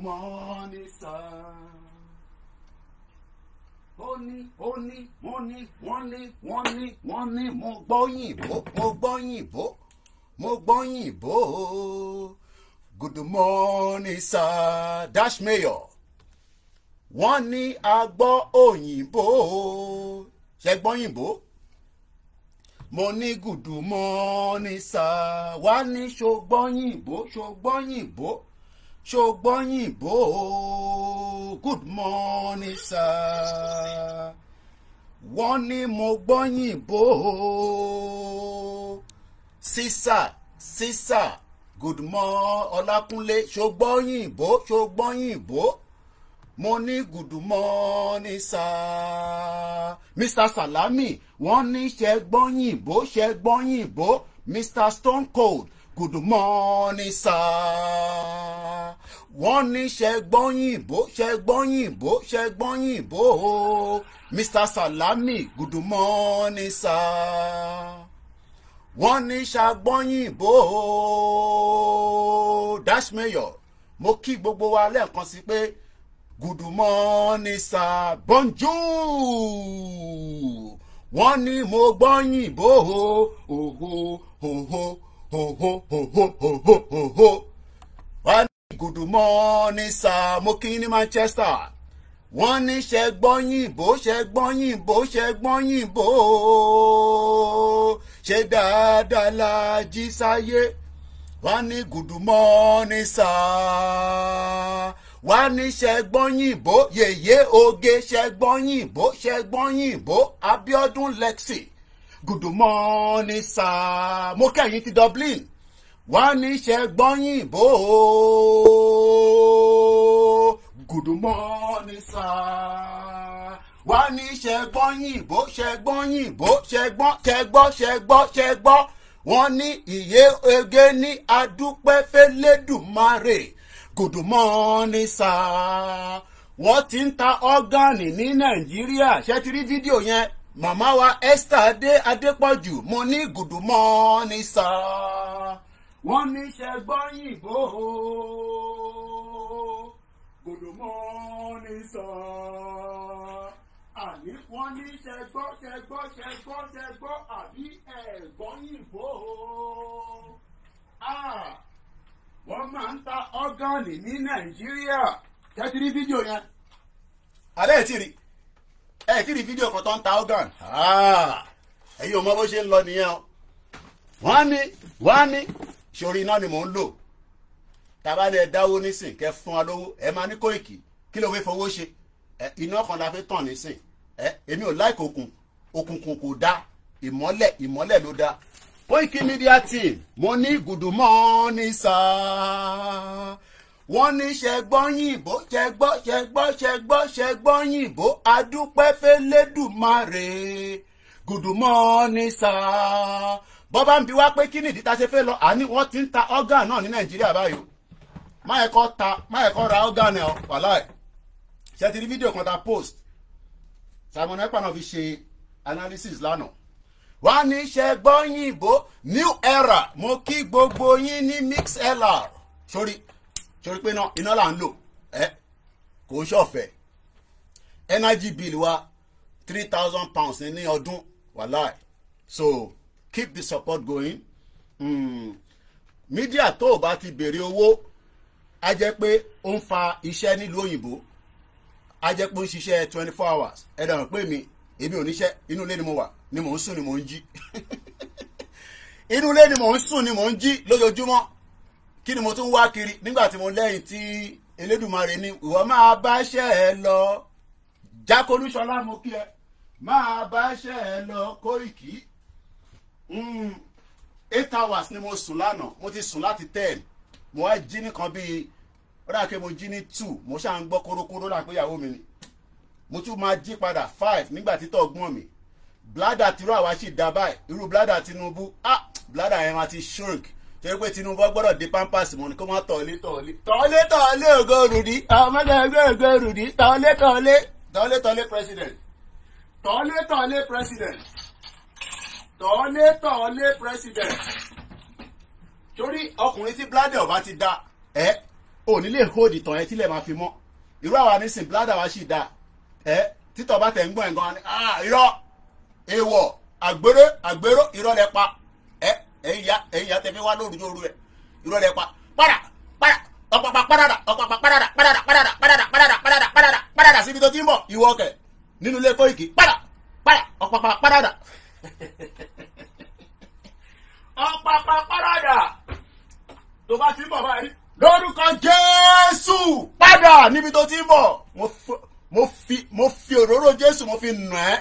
morning sun. ó ní ó ní mo ní wọ́n ní wọ́n ní wọ́n ní mo gbọ́ yìnbó mo gbọ́ yìnbó mo gbọ́ yìnbó good morning sir dash mayor wọ́n ní a gbọ́ òyìnbó ṣe gbọ́ yìnbó mo ní good morning sir wá ní ṣo gbọ́ yìnbó ṣo gbọ́ ṣògbọ́yìnbó good morning sir wọ́n ní mo gbọ́yìnbó sísà sísà good morning ọlákúnlé ṣògbọ́yìnbó ṣògbọ́yìnbó mo ní good morning sir mr salami wọ́n ní ṣẹ́gbọ́yìnbó ṣẹ́gbọ́yìnbó mr stone cold good morning sir wọ́n ní ṣẹ́gbọ́yìnbó ṣẹ́gbọ́yìnbó ṣẹ́gbọ́yìnbó o mr salami good morning sir wọ́n ní ṣàgbọ́yìnbó o dash mayor mo kí gbogbo wa lẹ́ẹ̀kan sí pé good morning sir bonjour wọ́n ní mo gbọ́yìnbó o oh, oh ho ho ho ho ho ho ho ho. wọ́n ní good morning sir mo kí ní Manchester wọ́n ní ṣe gbọ́yìn bó ṣe gbọ́yìn bó ṣe gbọ́yìn bó ṣe dáadáa la jí sáyé wọ́n ní good morning sir wá ní ṣẹgbọ́nyìnbó yèyé oge ṣẹgbọ́nyìnbó ṣẹgbọ́nyìnbó Abiodun Lexi good morning sir mo kẹ́yìn ti Dublin wá níṣẹ́ gbọ́yìn bó o good morning sir wá níṣẹ́ gbọ́yìn bó ṣe gbọ́yìn bó ṣe gbọ́ ṣe gbọ́ ṣe gbọ́ ṣe gbọ́ wọ́n ní ìyé ege ní adúpẹ́ fẹ́lẹ́dùmarè good morning sir wọ́n ti ń ta ọ́gánì ní Nàìjíríà ṣé ti rí fídíò yẹn màmá wa Esther adé adépọ̀jù mo ní good morning sir wọ́n ní ṣẹ́gbọ́yìnbó o good morning sir àní wọ́n ní ṣẹgbọ́ ṣẹgbọ́ ṣẹgbọ́ ṣẹgbọ́ àbí ẹ̀gbọ́yìnbó o. wọ́n máa ń ta ọ́gánì ní nàìjíríà tẹ́tí rí fídíò yẹn. àlẹ́ ẹ̀ tí rí ẹ ti rí fídíò kan tó ń ta organ ah, ẹ̀yin ò mọ bó ṣe ń lọ nìyẹn o wọ́n ní wọ́n ní sórí iná ni mò ń lò tabalẹ̀ dáwó nísìn kẹ fún wa lówó ẹ máa ní Kóìkì kí ló fi fowó ṣe iná kan la fi tàn nísìn èmi ò láìkò òkun òkùnkùn kò dá ìmọ́lẹ̀ ìmọ́lẹ̀ ló dá. Kóìkì media team mo ní good morning sir wọ́n ní ṣẹgbọ́nyìnbó ṣẹgbọ́ ṣẹgbọ́ ṣẹgbọ́ ṣẹgbọ́nyìnbó adúpẹ́fẹ́lẹ́dùmarè gùdùmọ́ ní sáà bọ́bá ń bi wá pé kí nìdí ta ṣe fẹ́ lọ àní wọ́n ti ń ta organ náà ní nàìjíríà báyìí má ẹ̀ kọ́ ta má ẹ̀ kọ́ ra organ ẹ̀ wàláì ṣe ti rí fídíò kan ta post simon ekpa náà fi ṣe analysis lánàá wá ní ṣẹgbọ́nyìnbó new era mo kí gbogbo yín ní mix lr sórí torí pé iná là ń lò ẹ kò ṣọ̀fẹ́ energy bill wa three thousand pounds ní ọdún wàláì so keep the support going mm. media tó o bá ti béèrè owó a jẹ́ pé ó ń fa iṣẹ́ nílùú òyìnbó a jẹ́ pé ó ń ṣiṣẹ́ twenty four hours ẹ dànù pé mi èmi ò níṣẹ́ inú ilé ni mo wà ni mò ń sùn ni mò ń jí inú ilé ni mò ń sùn ni mò ń jí lójoojúmọ́ kí ni mo tún wá kiri nígbà tí mo lẹ́yìn tí Elédùmarè ní ìwọ máa bá ṣẹ́ ẹ lọ jákolúṣọlá mo kí ẹ máa bá ṣẹ́ ẹ lọ Kóìkì hmm. eight hours ni mo sùn lánàá mo ti sùn láti ten mo wá jí nìkan bíi ó dà mo jí ní two mo ṣáà ń gbọ́ korokoro dà mi ni mo tún máa jí padà five nígbà títọ́ gbọ́n mi bládà tìrú àwa sì dá irú bládà Tinubu ah bládà yẹn máa ti shrink tó yẹ pé Tinubu gbọ́dọ̀ di pampers mu ni kó wọ́n tọ̀ọ́lé tọ̀ọ́lé tọ̀ọ́lé tọ̀ọ́lé ògo rùdí ọmọdé ògo ògo rùdí tọ̀ọ́lé tọ̀ọ́lé tọ̀ọ́lé tọ̀ọ́lé president tọ̀ọ́lé tọ̀ọ́lé president tọ̀ọ́lé tọ̀ọ́lé president torí ọkùnrin tí bladder ọba ti da ẹ ò ní lè hold ìtàn ẹ tílẹ̀ máa fi mọ́ irú àwa nísìn bladder wa sì da ẹ títọ̀ bá tẹ̀ ń gbọ́n ẹ̀ gan-an ah, irọ́ èèwọ̀ àgbèrè àgbèrò irọ́ lẹ pa ẹ̀yin ya ẹ̀yin ya tẹ̀mí wá lóru lóru ẹ̀ irọ́ rẹ̀ pa padà padà ọ̀pàpà padàdà ọ̀pàpà padàdà padàdà padàdà padàdà padàdà padàdà padàdà padàdà síbi tó ti ń bọ̀ ìwọ kẹ̀ nínú ilé Koiki padà padà ọ̀pàpà padàdà. ọ̀pàpà padàdà tó bá ti ń bọ̀ báyìí lórúkọ Jésù padà níbi tó ti ń bọ̀ mo fi òróró Jésù mo fi nà ẹ́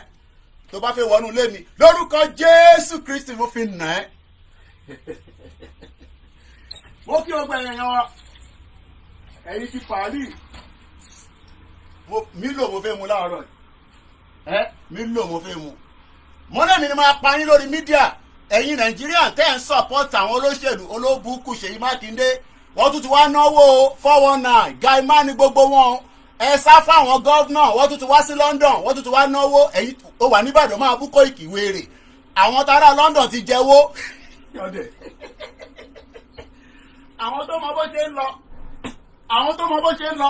tó bá fẹ́ wọnú ilé mi lórúkọ Jésù Kristi mo fi nà ẹ́ mo kí o gbẹ̀yìn yan wa ẹ̀yin ti pàálí mílò mo fẹ́ mu láàárọ̀ ẹ mílò mo fẹ́ mu mọ́nà mi ni máa pa yín lórí mídíà ẹ̀yin nàìjíríà tẹ́ ń support àwọn olóṣèlú olóbùkù ṣèyí mákindé wọ́n tún ti wá náwó four one nine guy man ni gbogbo wọn ẹ sá fáwọn gọ́vnà wọ́n tún ti wá sí london wọ́n tún ti wá náwó ẹ̀yin ó wà níbàdàn máa bú kó ìkìwéèrè àwọn tará london ti jẹ́wọ́ ọdẹ àwọn tó mọ bó ṣe ń lọ àwọn tó mọ bó ṣe ń lọ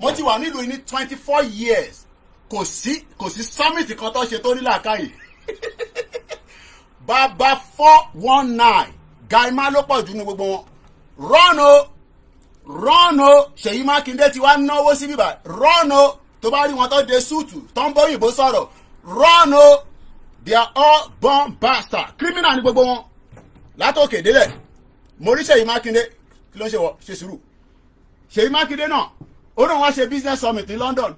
mo ti wà nílùú yìí ní twenty four years kò sí kò sí summit kan tó ṣe tó ní làákàyè bàbá four one nine gaima ló pọ̀ jù ní gbogbo wọn run o run o Ṣèyí Mákindé ti wá náwó sí bíbá run o tó bá rí wọn tó de súùtù tó ń bóyìnbó sọ̀rọ̀ run o they are all born bastard criminal ni gbogbo wọn látòkè délẹ̀ mo rí Ṣèyí Mákindé kí ló ń ṣe wọ ṣe sùúrù Ṣèyí Mákindé náà ó náà wá ṣe business summit ní London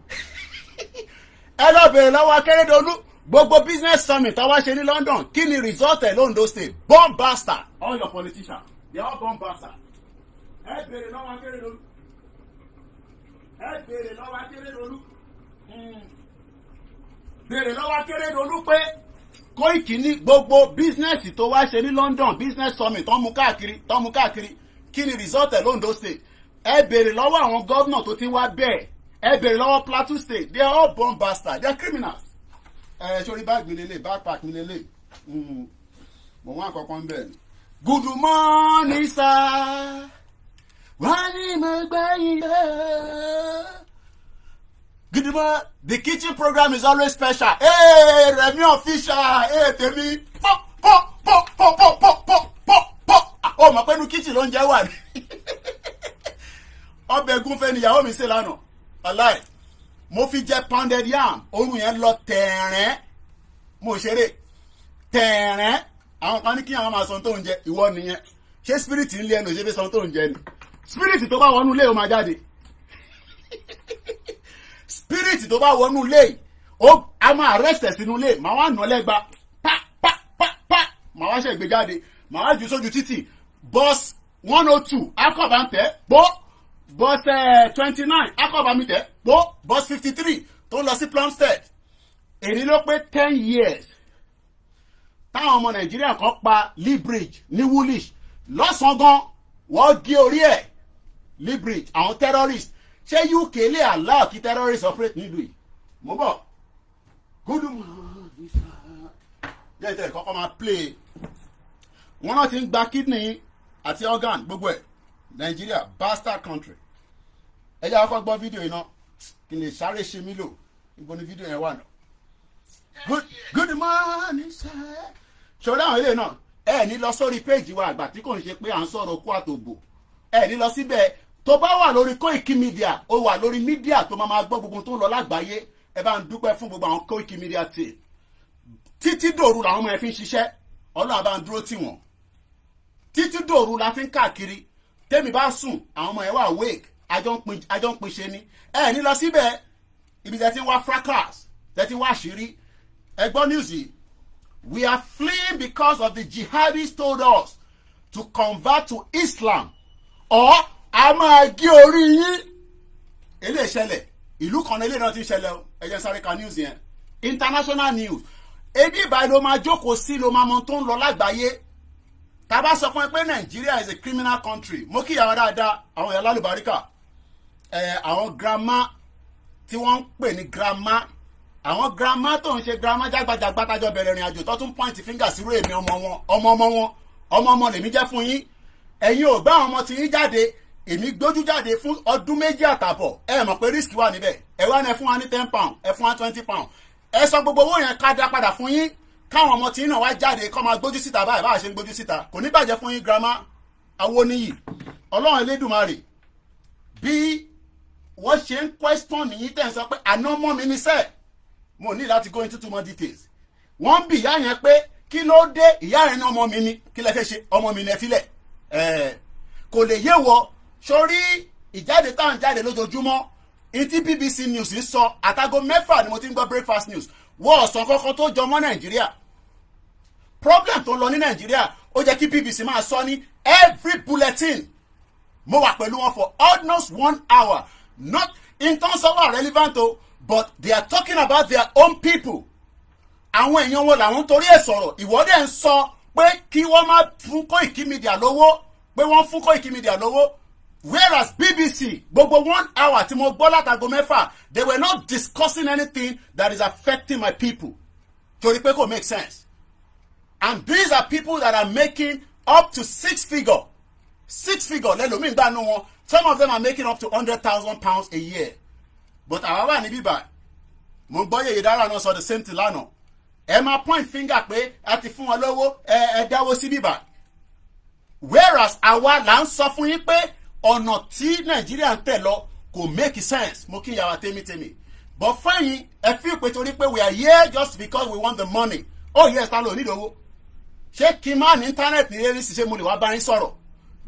ẹ lọ bèrè lọ́wọ́ Akérédolú gbogbo business summit tá a wá ṣe ní London kí ni result ẹ̀ l'Ondo State bomb bastard all your politicians they all bomb bastard ẹ bèrè lọ́wọ́ Akérédolú ẹ bèrè lọ́wọ́ Akérédolú hmm. bèrè lọ́wọ́ Akérédolú pé. Koiki ní gbogbo bísínẹ́sì tó wá ṣe ní London business summit tó ń mú káàkiri tó ń mú káàkiri kí ni result ẹ̀ l'Ondo state ẹ béèrè lọ́wọ́ àwọn gọ́vnà tó ti wá bẹ́ẹ̀ ẹ béèrè lọ́wọ́ Plateau state they are all born bastards they are criminals. ẹ sori báàgì mi lélẹ̀ backpack mi lélẹ̀ hmm. mo wá àkọ́kọ́ ń bẹ̀ ni. good morning sir wọ́n ní mo gbẹ́yìn lọ́wọ́ gidigba the kitchen program is always special ee remi official ee tèmi pọ pọ pọ pọ pọ pọ pọ pọ pọ ó mọ̀ pé inú kitchen ló ń jẹ́ wà ní ọbẹ̀ gúnfẹ́ ni ìyàwó mi ṣe lánàá aláì mo fi jẹ pounded yam oorun yẹn lọ tẹ̀rẹ̀ mo ṣeré tẹ̀rẹ̀ àwọn kan ní kí àwọn máa san tó ń jẹ ìwọ nìyẹn ṣé spirit ń lé ẹnu ṣe fi san tó ń jẹ ni spirit tó bá wọnú ilé o máa jáde. spirit tó bá wọnú ilé ó a máa arrest ẹ̀ sínú ilé màá wá nà lẹ́gba pa pa pa pa màá wá ṣe ìgbé jáde màá wá ju sójú títì bus one oh two akọba ń tẹ pó bus twenty nine akọba mi tẹ pó bus fifty three tó lọ sí plumstead èyí ló pé ten years táwọn ọmọ nàìjíríà kan pa lee bridge ní woolwich lọ́sàn-án gan wọ́n gé orí ẹ̀ lee àwọn terrorist ṣé UK lè allow kí terrorists operate nílùú yìí mo bọ̀ gúdùmọ̀ jẹ́ ìtẹ̀ kọ́kọ́ máa play wọn náà ti ń gba kidney àti organ gbogbo ẹ̀ Nigeria, bastard country ẹ jẹ́ àkọ́kọ́ gbọ́ fídíò yìí náà kí n lè sáré ṣe mí lò níbo ni fídíò yẹn wà náà good good morning sir. ṣòro àwọn ilé náà ẹ ní lọ sórí péèjì wa àgbà tí kò ń ṣe pé à ń sọ̀rọ̀ kó àtòbò ẹ ní lọ síbẹ̀ tó bá wà lórí Koiki Media ó wà lórí mídíà tó máa gbọ́ gbogbo tó ń lọ lágbàáyé ẹ bá ń dúpẹ́ fún gbogbo àwọn Koiki Media team títí dòru làwọn ọmọ ẹ fi ń ṣiṣẹ́ ọlọ́run bá ń dúró tì wọ́n títí dòru la fi ń káàkiri tèmi bá sùn àwọn ọmọ ẹ wà wake àjọ ń pin ṣe ni ẹ ní lọ síbẹ̀ ibi tẹ́tí wá fracas tẹ́tí wá àṣírí ẹ gbọ́ news we are fleeing because of the jihadists told us to convert to Islam or a máa gé orí yín ilé ìṣẹ̀lẹ̀ ìlú kan ilé náà ti ṣẹlẹ̀ o ẹ jẹ́ sáré ka news yẹn international news ebi ìbàdàn ló máa jókòó sí ló máa mọ tó ń lọ lágbàáyé tá bá sọ fún ẹ pé Nàìjíríà is a criminal country mo kí ìyàwó dáadáa àwọn ìyá lálùbáríkà ẹ àwọn grandma tí wọ́n ń pè ní grandma àwọn grandma tó ń ṣe grandma jágbajàgba tájọ bẹ̀rẹ̀ ìrìn àjò tó tún point finger sí rèémí ọmọ wọn ọmọ ọmọ wọn ọmọ ọmọ lèmi jẹ́ fún yín ẹ̀yin ò gbá àwọn ọmọ tí yín jáde èmi gbójú jáde fún ọdún méjì àtàbọ̀ ẹ mọ̀ pé risk wà níbẹ̀ ẹ wá ní ẹ fún wa ní ten pound ẹ fún wa twenty pound ẹ sọ gbogbo owó yẹn ká dá padà fún yín káwọn ọmọ tí náà wá jáde kọ́ máa gbójú síta báyìí báyìí ṣe ń gbójú síta kò ní bàjẹ́ fún yín girama awoniyi ọlọ́run elédùnmarè bí wọ́n ṣe ń question nìyí tẹ̀ ń sọ pé àná mọ́ mi ní sẹ́ẹ̀ mo ní láti go into too more details wọ́n ń bi ìyá yẹn pé kí ló dé ìyá rẹ̀ ní ọmọ mi ni kí lẹ fẹ́ ṣe ọmọ mi ní ẹ filẹ̀ kò lè yé wọ sórí ìjáde tá à ń jáde lójoojúmọ́ etí BBC News ń sọ àtago mẹ́fà ni mo ti ń gbọ́ breakfast news wọ́n ọ̀sán kọ́kọ́ tó jọmọ́ Nàìjíríà problem tó ń lọ ní Nàìjíríà ó jẹ́ kí BBC máa sọ ní every bulletin mo wà pẹ̀lú wọn for almost one hour not in terms of our relevant o but they are talking about their own people àwọn èèyàn wo làwọn torí ẹ̀ sọ̀rọ̀ ìwọ́dẹ̀ ń sọ pé kí wọ́n má fún Koiki Media lówó pé wọ́n fún Koiki Media lówó whereas BBC gbogbo one hour tí mo gbọ́ látago mẹ́fà they were not discussing anything that is affecting my people torí pé kò make sense and these are people that are making up to six figure six figure lẹ́lòmíì gbàánu wọn some of them are making up to hundred thousand pounds a year but àwa wà ní bíbá mo gbọ́ yèyé dára náà sọ the same thing lánàá ẹ máa point finger pé a ti fún wọn lówó ẹ ẹ dáwó sí bíbá whereas àwa là ń sọ fún yín pé ọ̀nà tí nàìjíríà ń tẹ̀ lọ kò make sense mo kí ìyàwó tèmítèmí but fẹ́yìn ẹ fi pé torí pé we are here just because we want the money oh yes ta ló ní ìdòwò ṣé kí n má ní internet ní eré ṣiṣẹ́ mo lè wá bá yín sọ̀rọ̀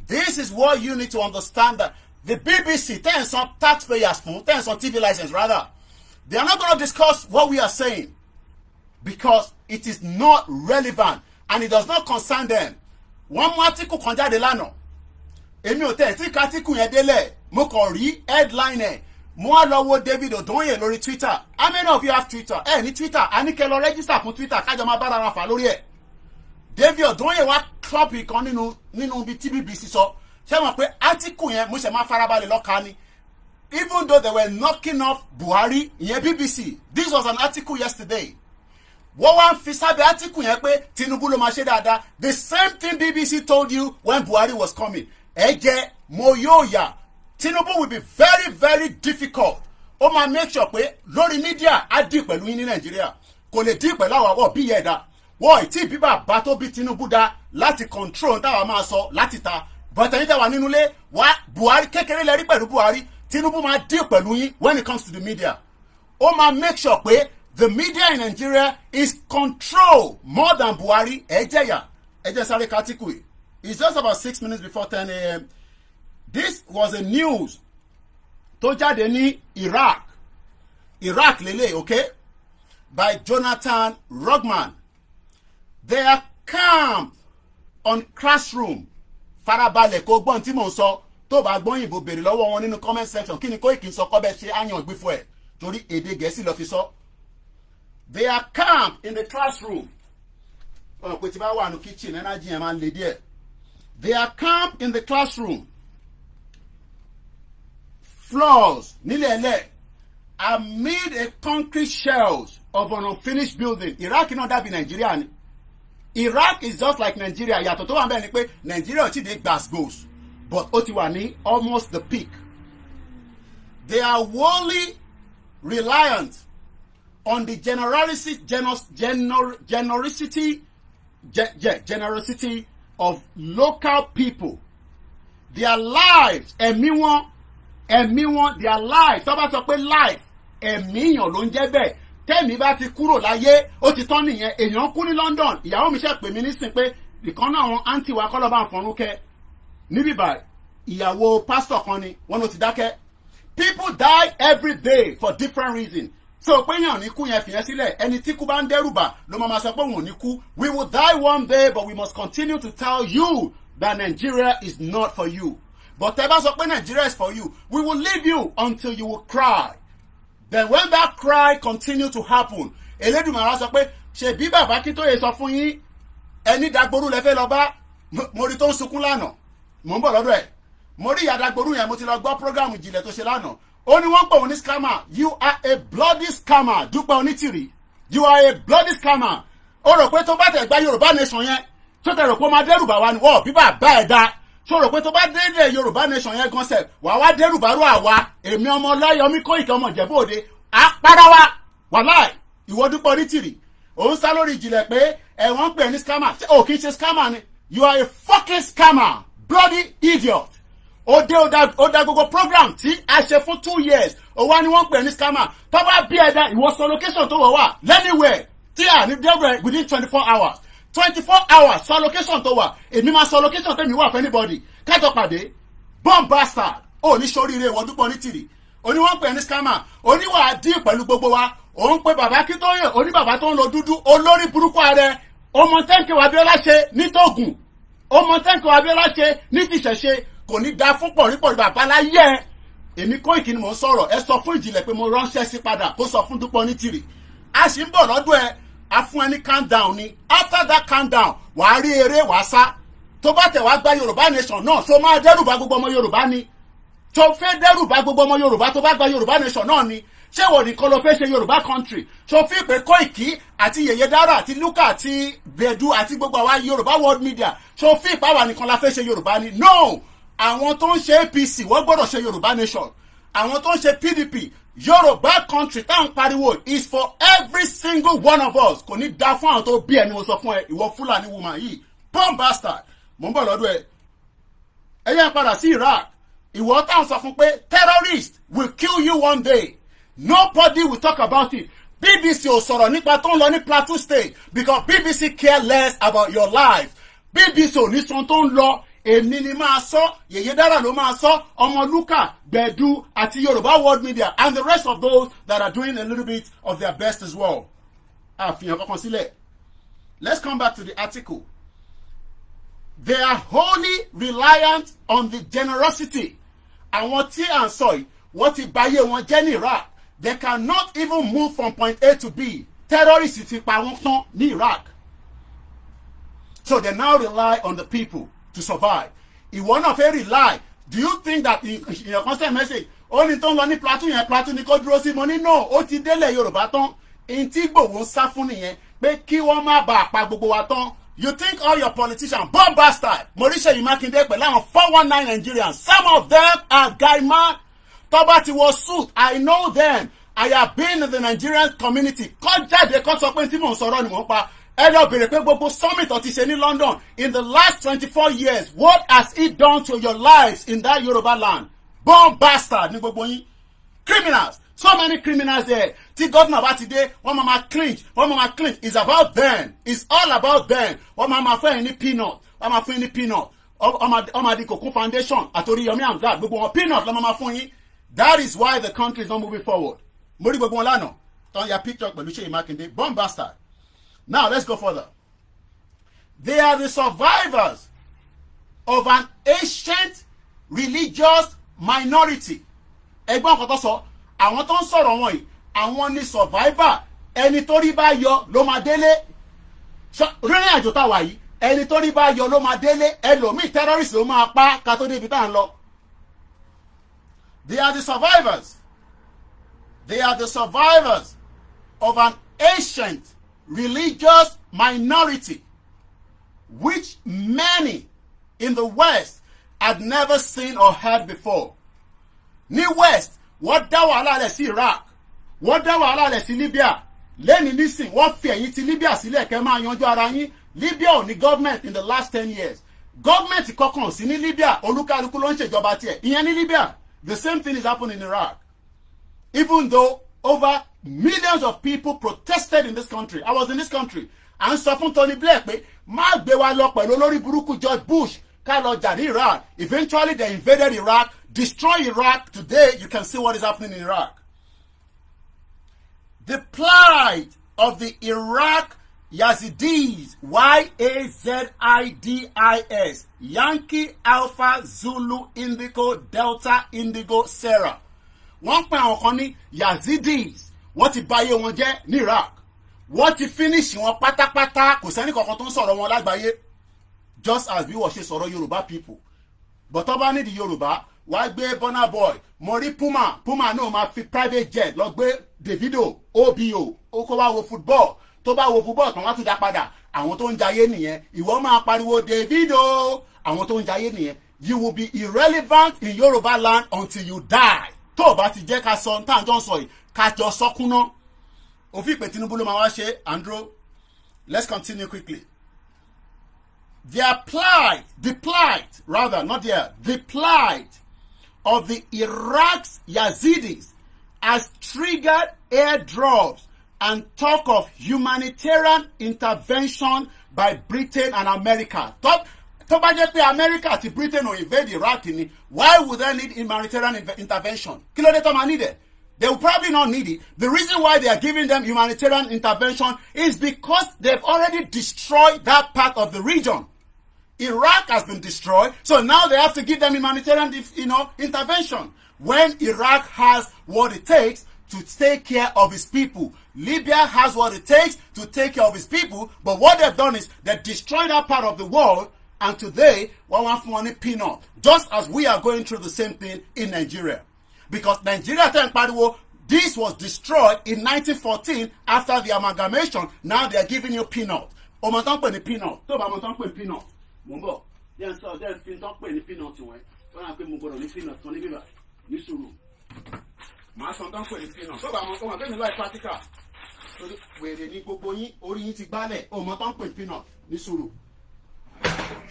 this is what you need to understand that the BBC ten san taxpayers fún ten san TV license rather they are not gonna discuss what we are saying because it is not relevant and it does not concern them One more átíkù kan jáde lánàá èmi ò tẹ̀ tí katikun yẹn délẹ̀ mo kàn rí headline ẹ̀ mo wá lọ wo David Odoye lórí Twitter how many of have Twitter ẹ ní Twitter a ní kẹ́ lọ register fún Twitter kájọ máa bára wa fà lórí ẹ̀ David Odoye wá club kan nínú nínú ibi tí BBC sọ ṣé mo pé átíkù yẹn mo ṣe máa farabalẹ̀ lọ́ka ni even though they were knocking off Buhari ìyẹn BBC this was an article yesterday wọ́n wá ń fi sábẹ́ átíkù yẹn pé Tinubu ló máa ṣe dáadáa the same thing BBC told you when Buhari was coming ẹ̀jẹ̀ mo yóò yà Tinubu will be very very difficult ó máa make sure pé lórí mídíà á dì pẹ̀lú yín ní Nàìjíríà kò lè dì pẹ̀lú àwọn àwọn bí yẹn dà wọ́n ìtì bí bàbá tó bí Tinubu dá láti control táwa máa sọ láti ta bọ̀tẹ̀ yín tẹ̀wá nínú ilé wá Buhari kékeré lẹ́rí pẹ̀lú Buhari Tinubu máa dì pẹ̀lú yín when it comes to the media ó máa make sure pé the media in Nigeria is control more than Buhari ẹ̀jẹ̀ yà ẹ̀jẹ̀ sáré kátíkù yìí it's just about six minutes before ten a.m. this was a news tó jáde ní Iraq Iraq lele okay by Jonathan Rugman their camp on classroom farabalẹ̀ kó gbọ́n tí mò ń sọ tó bá gbọ́n yìnbó béèrè lọ́wọ́ wọn nínú comment section kí ni Koiki ń sọ kọ́bẹ̀ ṣe àyàn gbé fún ẹ̀ torí èdè gẹ̀ẹ́sì ló fi sọ. they are camped in the classroom. ọ̀pẹ̀ tí bá wà ní kitchen energy yẹn máa ń le díẹ̀. They are camped in the classroom, floors, nilele, amid a concrete shells of an unfinished building. Iraq náà dàbí Nàìjíríà ni. Iraq is just like Nigeria. Yàtọ̀ tó wà bẹ́ẹ̀ ni pé Nigeria ò tí dé Glasgow but ó ti wà ní almost the peak. They are wholly reliant on the generosity, genos, genor, generosity, generosity of local people their lives ẹ̀mí wọn ẹ̀mí wọn their lives tó bá sọ pé life ẹ̀mí èèyàn ló ń jẹ́ bẹ́ẹ̀ tẹ́mi bá ti kúrò láyé ó ti tán nìyẹn èèyàn kú ní London ìyàwó mi ṣe pè mí nísìn pé ìkan náà àwọn àǹtí wa kọ́lọ́ bá ń fọnrún kẹ́ níbí báyìí ìyàwó pásítọ̀ kan ni wọn ló ti dákẹ́ people die every day for different reasons so pé yàn ní kú yẹn fìyẹn sílẹ̀ ẹni tí kú bá ń dẹ́rù bà ló máa máa sọ pé òun ò ní kú we will die one day but we must continue to tell you that Nigeria is not for you but ẹ bá sọ pé Nigeria is for you we will leave you until you will cry then when that cry continue to happen Elédùmarè sọ pé ṣebí bàbá Akíntóyè sọ fún yín ẹni dagboru lẹ fẹ́ lọ bá mo rí tó ń sunkún lánàá mò ń bọ̀ lọ́dọ̀ ẹ̀ mo rí ìyá dagboru yẹn mo ti lọ gbọ́ program ìjìnlẹ̀ tó ṣe lánàá ó ní wọ́n pè wọ́n ní scammer you are a bloody scammer dúpẹ́ onítìrì you are a bloody scammer ó rò pé tó bá tẹ̀ gba yorùbá nation yẹn tó tẹ̀ rò pé ó máa dẹ́rù bá wa ni wọ́ọ̀ bíbà bá ẹ̀ dáa tó rò pé tó bá dédé yorùbá nation yẹn gan sẹ̀ wàá wá dẹ́rù bá rú àwa èmi ọmọ ọláyọmí kó ìkẹ́ ọmọ ìjẹ̀bú òde àpáráwá wàláì ìwọ dúpọ̀ onítìrì òun sá lórí ìjìnlẹ̀ pé ẹ̀wọ̀n ń pè ní scammer ò kì í ṣe scammer ni you are a fucking scammer bloody idiot ó dé ó da gbogbo program tí a ṣe fún two years ó wá ní wọ́n pè ní scammer tó bá bí ẹ̀dá ìwọ̀sán location tó wọ̀ wà lẹ́nìwẹ̀ tí a ní dẹ́gbẹ̀rẹ̀ within twenty four hours twenty four hours sọ location tó wà èmi máa sọ location tẹ́mi wà fún anybody kẹ́tọ̀ pàdé bomb bastard ó ní sóríire ìwọ dúpọ̀ ní tìrì oníwọ̀n pè ní scammer oníwà dín pẹ̀lú gbogbo wa òun pe bàbá kí tó yẹ oníbàbá tó ń lo dúdú olórí burúkú ààrẹ ọmọ tẹ́ǹkì wàbíọ́lá ṣe ní tóògùn ọmọ tẹ́ǹkì wàbíọ́lá ṣe ní tìṣẹ̀ṣe kò ní da fún pọ̀rípọ̀rí bàbá láyé ẹ̀ èmi kó ìkíni mò ń sọ̀rọ̀ ẹ sọ fún ìjìnlẹ̀ pé mo ránṣẹ́ sí padà kó sọ fún dúpọ̀ ní tìrì a sì ń bọ̀ lọ́dọ̀ ẹ a fún ẹ calm down ni after that calm down wàá rí eré wàá sá tó bá tẹ̀ wá gba yorùbá nation náà tó máa dẹ́rùbà gbogbo ọmọ yorùbá ni tó fẹ́ dẹ́rùbà gbogbo ọmọ yorùbá tó bá gba yorùbá nation náà ni ṣé wọ́n nìkan ló fẹ́ ṣe yorùbá country tó fi pé Koiki àti yèyé dára àti luka àti bedu àti gbogbo àwa yorùbá world media tó fi pé àwa nìkan la fẹ́ ṣe yorùbá ni no àwọn tó ń ṣe APC wọ́n gbọ́dọ̀ ṣe Yorùbá nation àwọn tó ń ṣe PDP Yorùbá country táwọn pariwo is for every single one of us kò ní dá fún àwọn tó bí ẹni mo sọ fún ẹ ìwọ Fúlàní woman yìí bomb bastard mò ń bọ̀ lọ́dọ̀ ẹ ẹ yẹn padà sí Iraq ìwọ táwọn sọ fún pé terrorist will kill you one day nobody will talk about it BBC ò sọ̀rọ̀ nípa tó ń lọ ní Plateau State because BBC care less about your life BBC ò ní sọ tó ń lọ èmi ni máa sọ yèyé dára ló máa sọ ọmọlúkà gbẹ̀du àti yorùbá world media and the rest of those that are doing a little bit of their best as well. àfihàn kankan sílẹ̀ let's come back to the article. they are wholly reliant on the generosity àwọn tí à ń sọ yìí wọ́n ti báyé wọn jẹ́ ní Iraq they cannot even move from point A to B terrorists ti pa wọ́n tán ní Iraq so they now rely on the people to survive ìwọ náà fẹ́ rely do you think that in your constant message ó ní tó ń lọ ní plateau yẹn plateau ni kò dúró sí mo ní no ó ti délẹ̀ yorùbá tán n tí gbòòwò ń sá fún nìyẹn pé kí wọ́n má bàa pa gbogbo wa tán you think all your politicians bob bastard moríṣẹ́yìn mákindé pẹ̀lú àwọn four one nine nigerians some of them are guy man tọ́ba ti wọ suit i know them i have been in the nigerian community kọ́ jáde kọ́ sọ pé tí mò ń sọ̀rọ̀ ni mò ń pa ẹ lọ bèrè pé gbogbo summit tó ti ṣe ní London in the last twenty-four years what has it done to your lives in that Yoruba land born bastard ní gbogbo yín criminals so many criminals there tí gómìnà bá ti dé wọ́n máa ma clinch wọ́n máa ma clinch it's about them it's all about them wọ́n máa ma fẹ́ ní peanut wọ́n máa fún ní peanut ọmọ adi kòkó foundation àtòrí yomi amdad gbogbo wọn peanut lọ́mọ máa fún yín that is why the country is not moving forward mo rí gbogbo wọn lánàá tán ya picture pẹ̀lú ṣèyí mákindé born bastard Now let's go further. They are the survivors of an ancient religious minority. Ẹgbọ́n kan tó sọ, àwọn tó ń sọ̀rọ̀ wọn àwọn ni survivor ẹni tó rí bá yọ ló máa délé. Rírìn àjò táwa yìí, ẹni tó rí bá yọ ló máa délé, ẹlòmíì terrorist ló máa pa ká tó débi tá à ń lọ. They are the survivors. They are the survivors of an ancient religious minority which many in the West had never seen or heard before. Ní West, wọ́n dá wàhálà rẹ̀ sí Iraq, wọ́n dá wàhálà rẹ̀ sí Libya, lẹ́ni nísìn wọ́n fi ẹ̀yìn ti Libya sílẹ̀ kẹ́ máa yanjú ara yín. Libya ò ní government in the last ten years. Government kankan sí ní Libya, olúkálukú ló ń ṣèjọba tiẹ̀. Ìyẹn ní Libya, the same thing is happening in Iraq. Even though over millions of people protested in this country I was in this country à ń sọ fún Tony Blair pé má gbé wa lọ pẹ̀lú olórí burúkú George Bush ká lọ jà ní Iraq eventually they invaded Iraq destroyed Iraq today you can see what is happening in Iraq the plight of the Iraq Yazidis Y-A-Z-I-D-I-S Yankee Alpha Zulu Indigo Delta Indigo Sarah wọ́n pè àwọn kan ní Yazidis wọ́n ti báyé wọn jẹ́ ní Iraq wọ́n ti finish wọn pátápátá kò sẹ́ni kankan tó ń sọ̀rọ̀ wọn lágbàáyé just as bí wọ́n ṣe sọ̀rọ̀ Yorùbá people but tó bá nídìí Yorùbá wàá gbé Burna Boy mo rí Puma Puma náà máa fi private jet lọ gbé Davido obo ó kó wá wo football tó bá wo football tán wá tún dá padà àwọn tó ń jayé nìyẹn ìwọ máa pariwo Davido àwọn tó ń jayé nìyẹn you will be irrelevant in Yorùbá land until you die tó o bá ti jẹ́ ká sọ tá à ń jọ sọ yìí ká jọ sọkúnná òfin ìpè Tinubu ló máa wá ṣe andro let's continue quickly their plight the plight rather not their the plight of the Iraq's Yazidis has triggered airdrops and talk of humanitarian intervention by Britain and America. Talk, tó bá jẹ́ pé America àti Britain ò invade Iraq ni why would they need humanitarian intervention kí ló dé tó máa need it they will probably not need it the reason why they are giving them humanitarian intervention is because they have already destroyed that part of the region Iraq has been destroyed so now they have to give them humanitarian you know, intervention when Iraq has what it takes to take care of its people. Libya has what it takes to take care of its people, but what they have done is they destroyed that part of the world and today wọ́n wá fún wọn ní peanut just as we are going through the same thing in Nigeria because Nigeria ten ń pariwo this was destroyed in 1914 after the amalgamation now they are giving you peanut ọmọ tán pè ní peanut tó bá ọmọ tán pè ní peanut mò ń bọ̀ then sọ then fi tán pè ní peanut wẹ̀ wọ́n á pè mo gbọ́dọ̀ ní peanut kan ní bíbà ní sùúrù màá sọ tán pè ní peanut tó bá ọmọ tó wà bẹ́ẹ̀ ni láì pátíkà wèrè ní gbogbo yín orí yín ti gbálẹ̀ ọmọ tán pè ní peanut ní sùúrù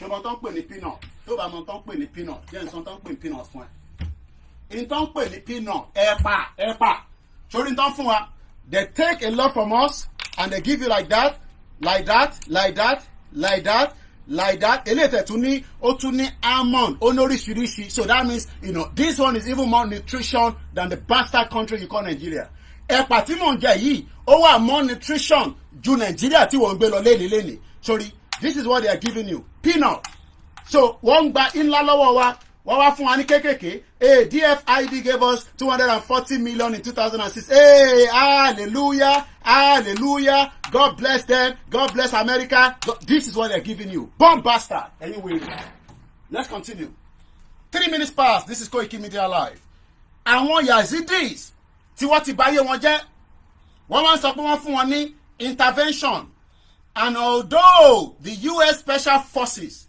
mọ tó ń pè ní peanut tó bá mọ tó ń pè ní peanut jẹ́ nsọ tó ń pè ní peanut fún ẹ n ń pè ní peanut ẹ̀pà ẹ̀pà sórí tó fún wa they take a lot from us and they give you like that like that like that like that like that eléyìí tún ní ó tún ní almond ó ní oríṣiríṣi so that means you know this one is even more nutrition than the bastard country you call Nigeria ẹ̀pà tí mò ń jẹ yìí ó wà more nutrition ju Nigeria tí wọ́n ń gbé lọ léèlé léèlé sórí this is what they are giving you peanut so wọ́n ń gba ńlá lọ́wọ́ wa wọ́n wá fún wa ní kékèké hey DFID gave us two hundred and forty million in two thousand and six hey hallelujah hallelujah God bless them God bless America God, this is what they are giving you bomb bastard ẹ̀yin let's continue three minutes past this is Koiki Media Live àwọn yazidis tí wọ́n ti báyé wọn jẹ́ wọ́n wá ń sọ pé wọ́n fún wọn ní intervention and although the US Special Forces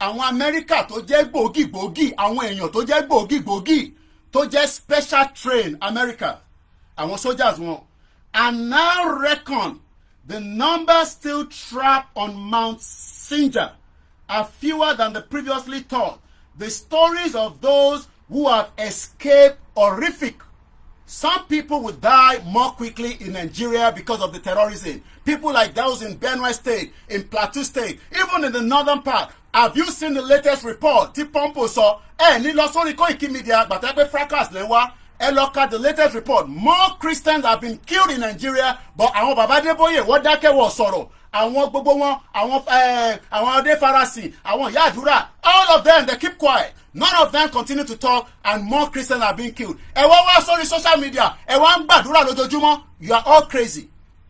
àwọn Amẹ́ríkà tó jẹ́ gbòógì-gbòógì àwọn èèyàn tó jẹ́ gbòógì-gbòógì tó jẹ́ special train America àwọn soldiers wọn and now reckon the number still trapped on Mount Sinjar are fewer than the previously thought the stories of those who have escaped horrific some people would die more quickly in Nigeria because of the terrorism People like those in Benue State, in Plateau State, even in the northern part. Have you seen the latest report? Tí Pompo sọ, ẹ ní lọ sórí Koiki Media gbàtẹ́gbẹ́ fracas lè wá. Ẹ lọ ka the latest report. More Christians have been killed in Nigeria but àwọn bàbá Adébóyè wọ́n dákẹ́ wọ̀ sọ̀rọ̀. Àwọn gbogbo wọn, àwọn àwọn ọdẹ farasi. àwọn ìyá àdúrà, all of them they keep quiet. None of them continue to talk and more Christians are being killed. Ẹ wá wá sórí social media, ẹ wá ń gbàdúrà lójoojúmọ́, you are all crazy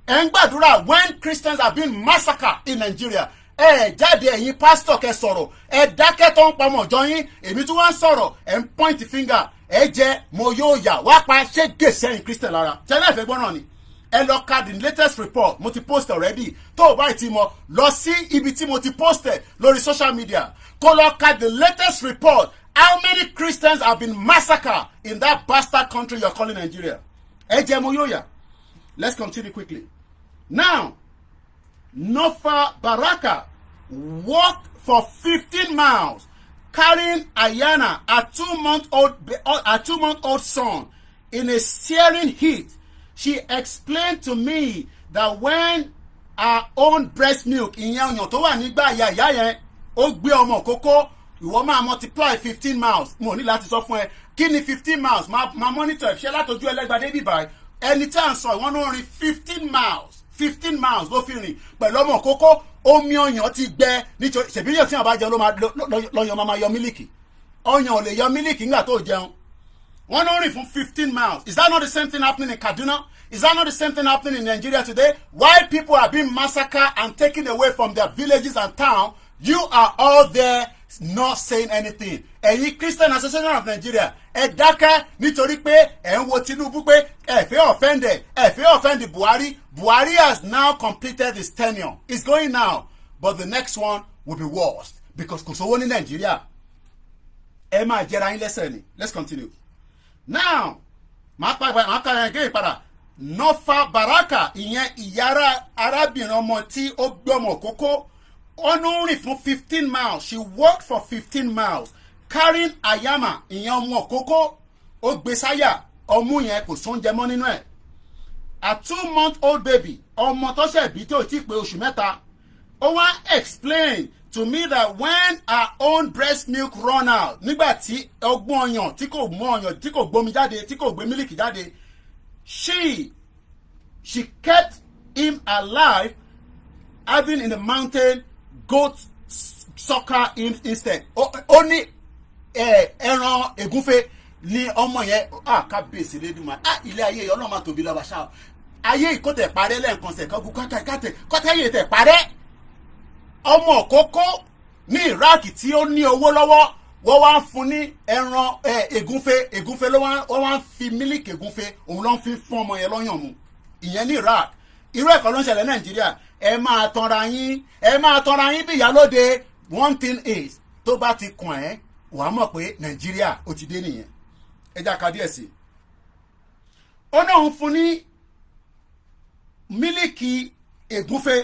ẹ̀ ń gbàdúrà when Christians have been massacred in Nigeria ẹ ẹ jáde ẹ̀yin pásítọ̀ kẹ́ sọ̀rọ̀ ẹ dákẹ́ tó ń pamọ́ ọjọ́ yín èmi tí wọ́n ń sọ̀rọ̀ ẹ ń point finger ẹ jẹ mo yóò yà wá pa ṣé gèsè ẹ̀yin Christian lára tẹ́lẹ̀ ìfẹ́ gbọ́n náà ni ẹ lọ ka the latest report mo ti post already tó o báyìí ti mọ lọ sí ibi tí mo ti post lórí social media kó lọ ka the latest report how many Christians have been massacred in that bastard country you are calling Nigeria ẹ jẹ mo yóò yà. Let's continue quickly. Now, Nofa Baraka walked for 15 miles carrying Ayana, a two-month-old a two-month-old son, in a searing heat. She explained to me that when her own breast milk ìyẹn ọyàn tó wà nígbà ìyá ìyá yẹn ó gbé ọmọ kókó ìwọ máa multiply fifteen miles mo ní láti sọ fún ẹ kí ni miles máa monitor ẹ ṣe látọjú ẹlẹgbàdé bíbá ẹni tí à ń sọ ìwọ́n ló rin fifteen miles fifteen miles ló fi rìn pẹ̀lú ọmọ kókó omi ọyàn ti gbẹ nítorí ṣèbí yóò tí wọn bá jẹun lọ́yàn máa yọ mílìkì ọyàn ò lè yọ mílìkì nígbà tó jẹun wọ́n ló rìn fún fifteen miles is that not the same thing happening in Kaduna is that not the same thing happening in Nigeria today why people are being massacred and taken away from their villages and towns, you are all there not saying anything ẹ̀yin Christian Association of Nigeria ẹ dákẹ́ nítorí pé ẹ̀ ń wo Tinubu pé ẹ fẹ́ offend ẹ ẹ fẹ́ offend Buhari Buhari has now completed his tenure it's going now but the next one will be worse because kò sówó ní Nàìjíríà ẹ máa jẹra yín lẹ́sẹ̀ ni let's continue now màá pa ìgbà màá kàrin gé ìpadà Norfa Baraka ìyẹn ìyára arábìnrin ọmọ tí ó gbé kókó ọ̀nù rìn fún fifteen miles she walked for fifteen miles carrying ayama ìyẹn ọmọ kókó ó gbé sáyà ọmú yẹn kò sóúnjẹ mọ́ nínú ẹ̀ a two month old baby ọmọ tó ṣẹ̀ bí tí ò tí pé oṣù mẹ́ta ó wá explain to me that when her own breast milk run out nígbà tí ọgbọ́n ọyàn tí kò mú ọyàn tí kò gbómi jáde tí kò gbé mílìkì jáde she she kept him alive having in the mountain goat sucker in instead ó ní ẹran ègúnfe ní ọmọ yẹn kábíyèsí lédùnmá ilé ayé ọlọ́run máa tóbi lọ́ba ṣáà ayé ìkọ́tẹ̀ parẹ́ lẹ́ẹ̀kan sẹ̀ kọ́gùn kátàkátẹ̀ kọ́tẹ́yẹ tẹ̀ parẹ́ ọmọ kókó ní Iraq tí ó ní owó lọ́wọ́ wọ́n wá ń fún ní ẹran ègúnfe ègúnfe ló wá ń fi mílíkì ègúnfe òun ló ń fi fún ọmọ yẹn lọ́yàn mu ìyẹn ní Iraq irú ẹ̀kọ́ ló ń ṣẹlẹ̀ nàìjíríà ẹ máa tanra yín ẹ máa tanra yín bí ìyálóde one thing is tó bá ti kàn ẹ́ wà á mọ̀ pé nàìjíríà ó ti dé nìyẹn ẹ já ka díẹ̀ sí i ó náà ń fún ní mílíkì ègúnfe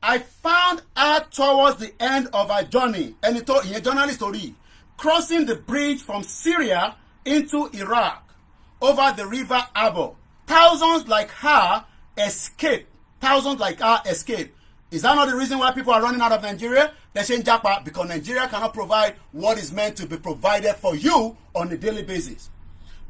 I found her towards the end of her journey ẹni tó ìyẹn journalist orí crossing the bridge from Syria into Iraq over the river Abor thousands like her escape. Thousands like her escape. Is that not the reason why people are running out of Nigeria? They're saying Japa because Nigeria cannot provide what is meant to be provided for you on a daily basis.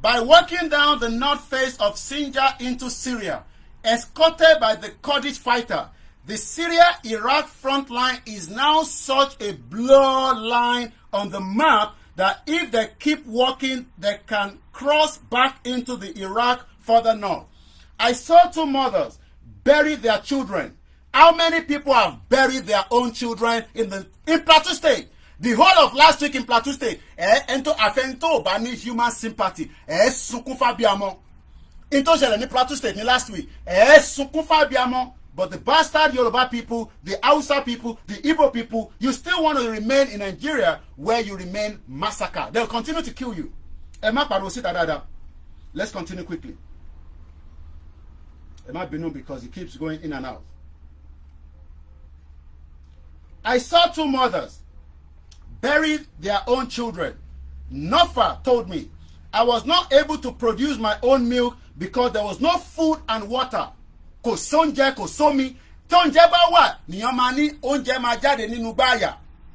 By walking down the north face of Sinjar into Syria, escorted by the Kurdish fighter, the Syria-Iraq front line is now such a blur line on the map that if they keep walking, they can cross back into the Iraq further north. I saw two mothers bury their children. How many people have buried their own children in the in Plateau State? The whole of last week in Plateau State, ẹ eh, ẹ tó àfẹnitó human sympathy, ẹ eh, ẹ sunkún fábíàmọ́. In Plateau State ní last week, ẹ eh, ẹ sunkún But the bastard Yoruba people, the Hausa people, the Igbo people, you still want to remain in Nigeria where you remain massacred. They'll continue to kill you. Ẹ má pariwo Let's continue quickly. Ẹ má bínú because he keeps going in and out. I saw two mothers bury their own children. Nofa told me, I was not able to produce my own milk because there was no food and water. Kò sóúnjẹ kò sómi. Tóúnjẹ bá wà, nìyẹn máa ní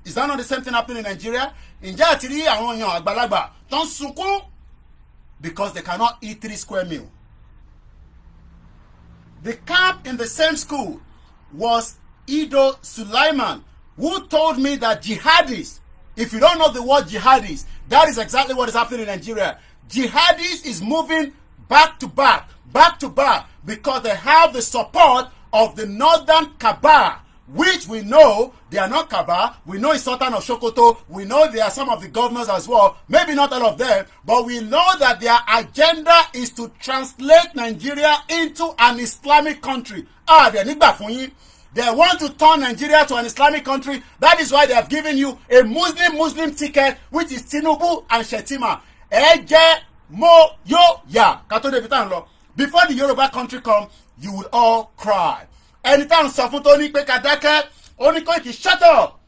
Is that not the same thing happening in Nigeria? Inja atiri rí àwọn èèyàn àgbàlagbà tó because they cannot eat three square meal. The cap in the same school was Ido Sulaiman, who told me that jihadists, if you don't know the word jihadists, that is exactly what is happening in Nigeria. Jihadists is moving back to back, back to back, because they have the support of the northern cabal which we know they are not kaba. We know it's Sultan of Sokoto. We know they are some of the governors as well. Maybe not all of them, but we know that their agenda is to translate Nigeria into an Islamic country. Ah, they nígbà fún yín. They want to turn Nigeria to an Islamic country. That is why they have given you a Muslim Muslim ticket, which is Tinubu and Shetima. Ẹ jẹ́ mo yóò yà ká tó débi tá à ń lọ. Before the Yoruba country come, you will all cry ẹni tá à ń sọ fún tó ní pé ká dákẹ́ ó ní Koiki shut up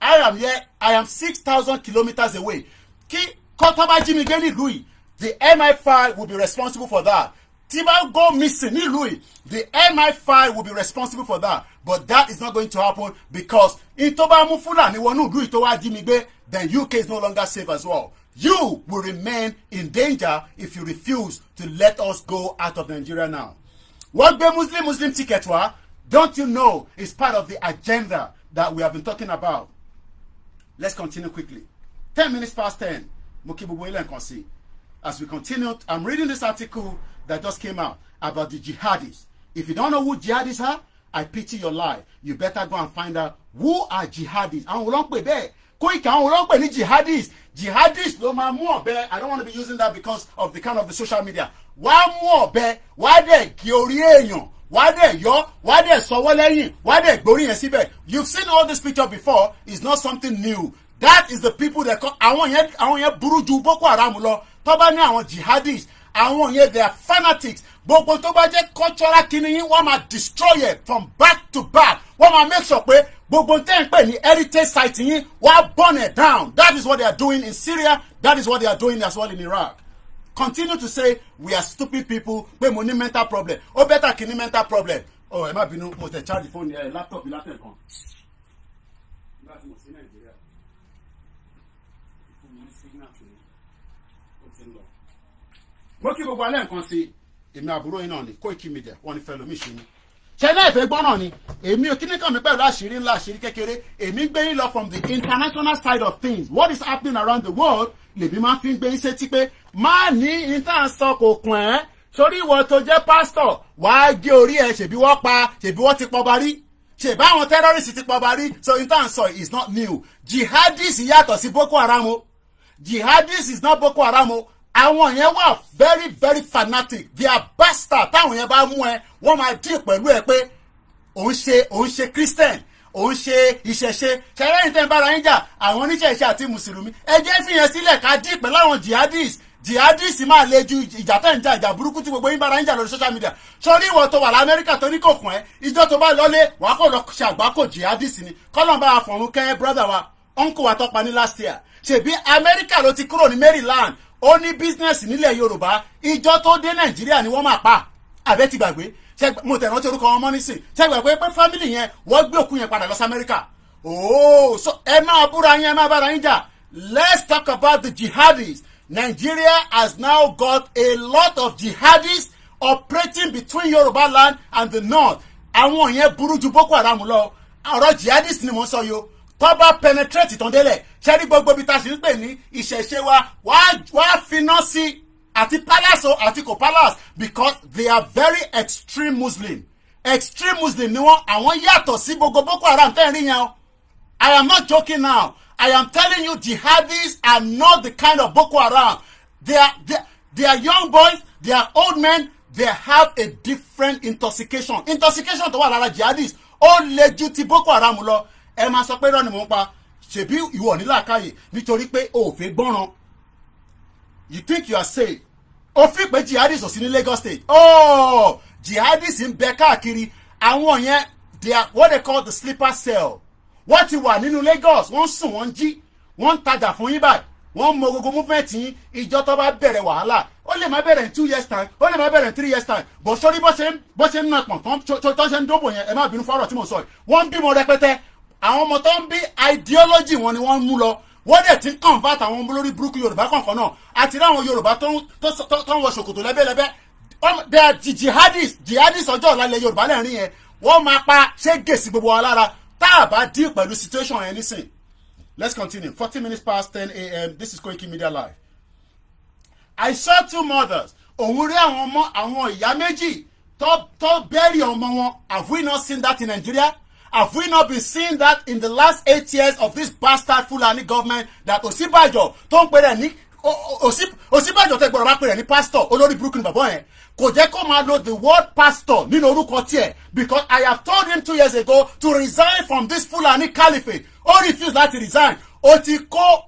I am here I am six thousand kilometres away kí kọ́tọ́ bá jí mi gbé nílùú yìí the MI5 will be responsible for that tí bá go missing nílùú yìí the MI5 will be responsible for that but that is not going to happen because in tó bá mú Fúlàní wọnú ìlú yìí tó wá jí mi gbé then UK is no longer safe as well you will remain in danger if you refuse to let us go out of Nigeria now. wọ́n gbé muslim muslim ticket wá Don't you know it's part of the agenda that we have been talking about? Let's continue quickly. 10 minutes past 10. As we continue, I'm reading this article that just came out about the jihadists. If you don't know who jihadists are, I pity your life. You better go and find out who are jihadists. Àwọn olóń pè bẹ́ẹ̀ Koiki àwọn olóń pè jihadists. Jihadists no máa mú ọ̀bẹ. I don't want to be using that because of the kind of the social media. Wàá more. ọ̀bẹ, wàá dẹ̀ gé wàá dẹ̀ yọ wàá dẹ̀ sọwọ́ lẹ́yìn wàá dẹ̀ gbórí yẹn síbẹ̀ you've seen all this picture before it's not something new that is the people that come àwọn yẹn àwọn yẹn burú ju boko haram lọ tó bá ní àwọn jihadis àwọn yẹn they are fanatics gbogbo tó bá jẹ́ cultural kini yín wọ́n máa destroy it from back to back wọ́n máa make sure pé gbogbo tẹ́ ń pè ní heritage site yín wọ́n á burn it down that is what they are doing in Syria that is what they are doing as well in Iraq continue to say we are stupid people pé mo ní mental problem ó bẹ́tà kí ní mental problem ọ oh, ẹ má bínú mo tẹ̀ charge phone ẹ eh, laptop látẹ̀ kan. nígbà tí mo sí nàìjíríà fún mi signal tó ó ti lọ. mo kí gbogbo alẹ́ nǹkan sí èmi àbúrò yín náà ni Koiki Media wọ́n ní fẹ́ lómi ìṣe ni ṣe náà ìfẹ́ gbọ́n náà ni èmi ò kíní kan mi pẹ̀lú àṣírí ńlá àṣírí kékeré èmi ń gbé yín lọ from the international side of things what is happening around the world lèmi máa fi ń gbé yín sétí pé má ní ìtàn sọ kò kàn ẹ́ sórí ìwọ tó jẹ́ pásítọ̀ wàá gé orí ẹ ṣèbí wọ́n pa ṣèbí wọ́n ti pọba rí ṣèbí àwọn terrorists ti pọba rí so ìtàn sọ is not new jihadist yàtọ̀ sí Boko Haram o Jihadis is not Boko Haram o àwọn yẹn wà very very fanatic they are bastard táwọn yẹn bá mú ẹ wọ́n máa dín pẹ̀lú ẹ pé òun ṣe òun ṣe christian òun ṣe ìṣẹ̀ṣe ṣẹlẹ́yìn tẹ́ ń bára yín jà àwọn oníṣẹ̀ṣe àti mùsùlùmí ẹ jẹ́ fìyẹn sílẹ̀ ká dín pẹ̀lú àwọn jihadis jihadist máa le ju ìjà tẹ̀ ń jà ìjà burúkú tí gbogbo yín bára ń jà lórí social media sórí ìwọ tó wà lamẹ́ríkà tó ní kò kún ẹ́ ìjọ tó bá lọ́lé wàá kò lọ ṣe àgbákò jihadist ni kọ́lọ́n bá fọ̀run kẹ́ brother wa uncle wa tọ́pa ní last year ṣèbí amẹ́ríkà ló ti kúrò ní maryland ó ní business nílẹ̀ yorùbá ìjọ tó dé nàìjíríà ni wọ́n máa pa àbẹ́ ti gbàgbé mo tẹ̀ rántí orúkọ wọn mọ́ nísìn ṣe gbàgbé family yẹn wọ́n gbé òkú yẹn padà lọ sí amẹ́ríkà oh, so ẹ máa búra yín ẹ let's talk about the jihadists Nigeria has now got a lot of jihadists operating between Yoruba land and the north àwọn yẹn burú ju Boko Haram lọ ọ̀rọ̀ jihadist ni wọ́n sọ yo tó penetrate ìtàn délẹ̀ ṣẹ́rí gbogbo ibi tá a ṣe ń pè ní ìṣẹ̀ṣe wa wàá finá sí àti palace o àti kò palace because they are very extreme Muslim extreme Muslim ni wọ́n àwọn yàtọ̀ sí gbogbo Boko Haram tẹ́ ń rí yẹn o I am not joking now I am telling you, jihadists are not the kind of Boko Haram. They are, they, they are young boys, they are old men, they have a different intoxication. Intoxication tó wà lára jihadists ó le ti Boko Haram lọ. Ẹ máa sọ pé irọ́ ni mò ń pa. Ṣèbí ìwọ ní làákàyè nítorí pé o gbọ́ràn. You think you are safe. O fi pé jihadists ò sí ní Lagos state. Oh! Jihadists ń bẹ káàkiri. Àwọn yẹn they are what they call the sleeper cell wọ́n ti wà nínú Lagos wọ́n ń sùn wọ́n ń jí wọ́n ń tajà fún yín báyìí wọ́n mọ gbogbo movement yín ìjọ tó bá bẹ̀rẹ̀ wàhálà ó lè má bẹ̀rẹ̀ two years time ó lè má bẹ̀rẹ̀ three years time bọ̀ sórí bó ṣe ń bó ṣe ń nà pọ̀n tó ṣe ń dóbò yẹn ẹ má bínú fọ́rọ̀ tí mo sọ yìí wọ́n ń bímọ rẹpẹtẹ àwọn ọmọ tó ń bí ideology wọn ni wọ́n ń mú lọ wọ́n dẹ̀ ti ń convert àwọn olórí burúkú yorùbá kọ̀ọ̀kan náà àti láwọn yorùbá tó ń wọ ṣòkòtò lẹ́bẹ́lẹ́bẹ́ they are jihadists jihadists ọjọ́ ọ̀la ilẹ̀ yorùbá lẹ́rìn yẹn wọ́n máa pa ṣé gèsì gbogbo wa tá a bá deal pẹ̀lú situation yẹn nísìn let's continue forty minutes past ten a.m. this is Koiki Media Live I saw two mothers òun rí àwọn ọmọ àwọn ìyá méjì tó tó bẹ́ẹ̀rì ọmọ wọn have we not seen that in Nigeria have we not been seeing that in the last eight years of this bastard Fulani government that Osibanjo tó ń pè rẹ̀ ní Osibanjo tẹ́ gbọ́dọ̀ bá pè rẹ̀ ní pastor olórí burúkú ni bàbá yẹn kò jẹ́ kó máa lo the word pastor nínú orúkọ tiẹ̀ because I have told him two years ago to resign from this Fulani caliphate ó refuse láti resign ó ti kó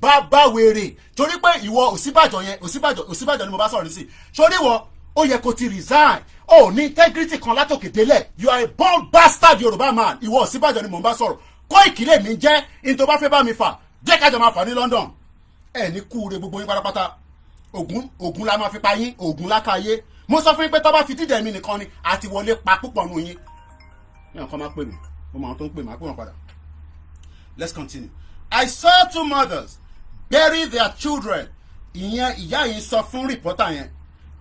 bàbá wèrè torí pé ìwọ Ọ̀ṣínbàjò yẹn Ọ̀ṣínbàjò Ọ̀ṣínbàjò ni mo bá sọ̀rọ̀ nísì sórí ìwọ ó yẹ kó ti resign ó oh, ní integrity kan látòkè délẹ̀ you are a born bastard Yorùbá man ìwọ Ọ̀ṣínbàjò ni mo bá sọ̀rọ̀ kó ìkìlẹ̀ mi jẹ́ ní tó bá fẹ́ bá mi fà jẹ́ kájọ máa fà ní London ẹ̀ ní kúure gbogbo yín pátápátá ògún ògún la máa fi pa yín ògún lákàyé mo sọ fún yín pé tọ́ fi dídẹ̀ mi nìkan ni àti wọlé pa púpọ̀ nù yín ní ọ̀kan máa pè mí mo máa tó ń pè mí àpò wọn padà let's continue I saw two mothers bury their children ìyẹn ìyá yìí sọ fún rìpọ́tà yẹn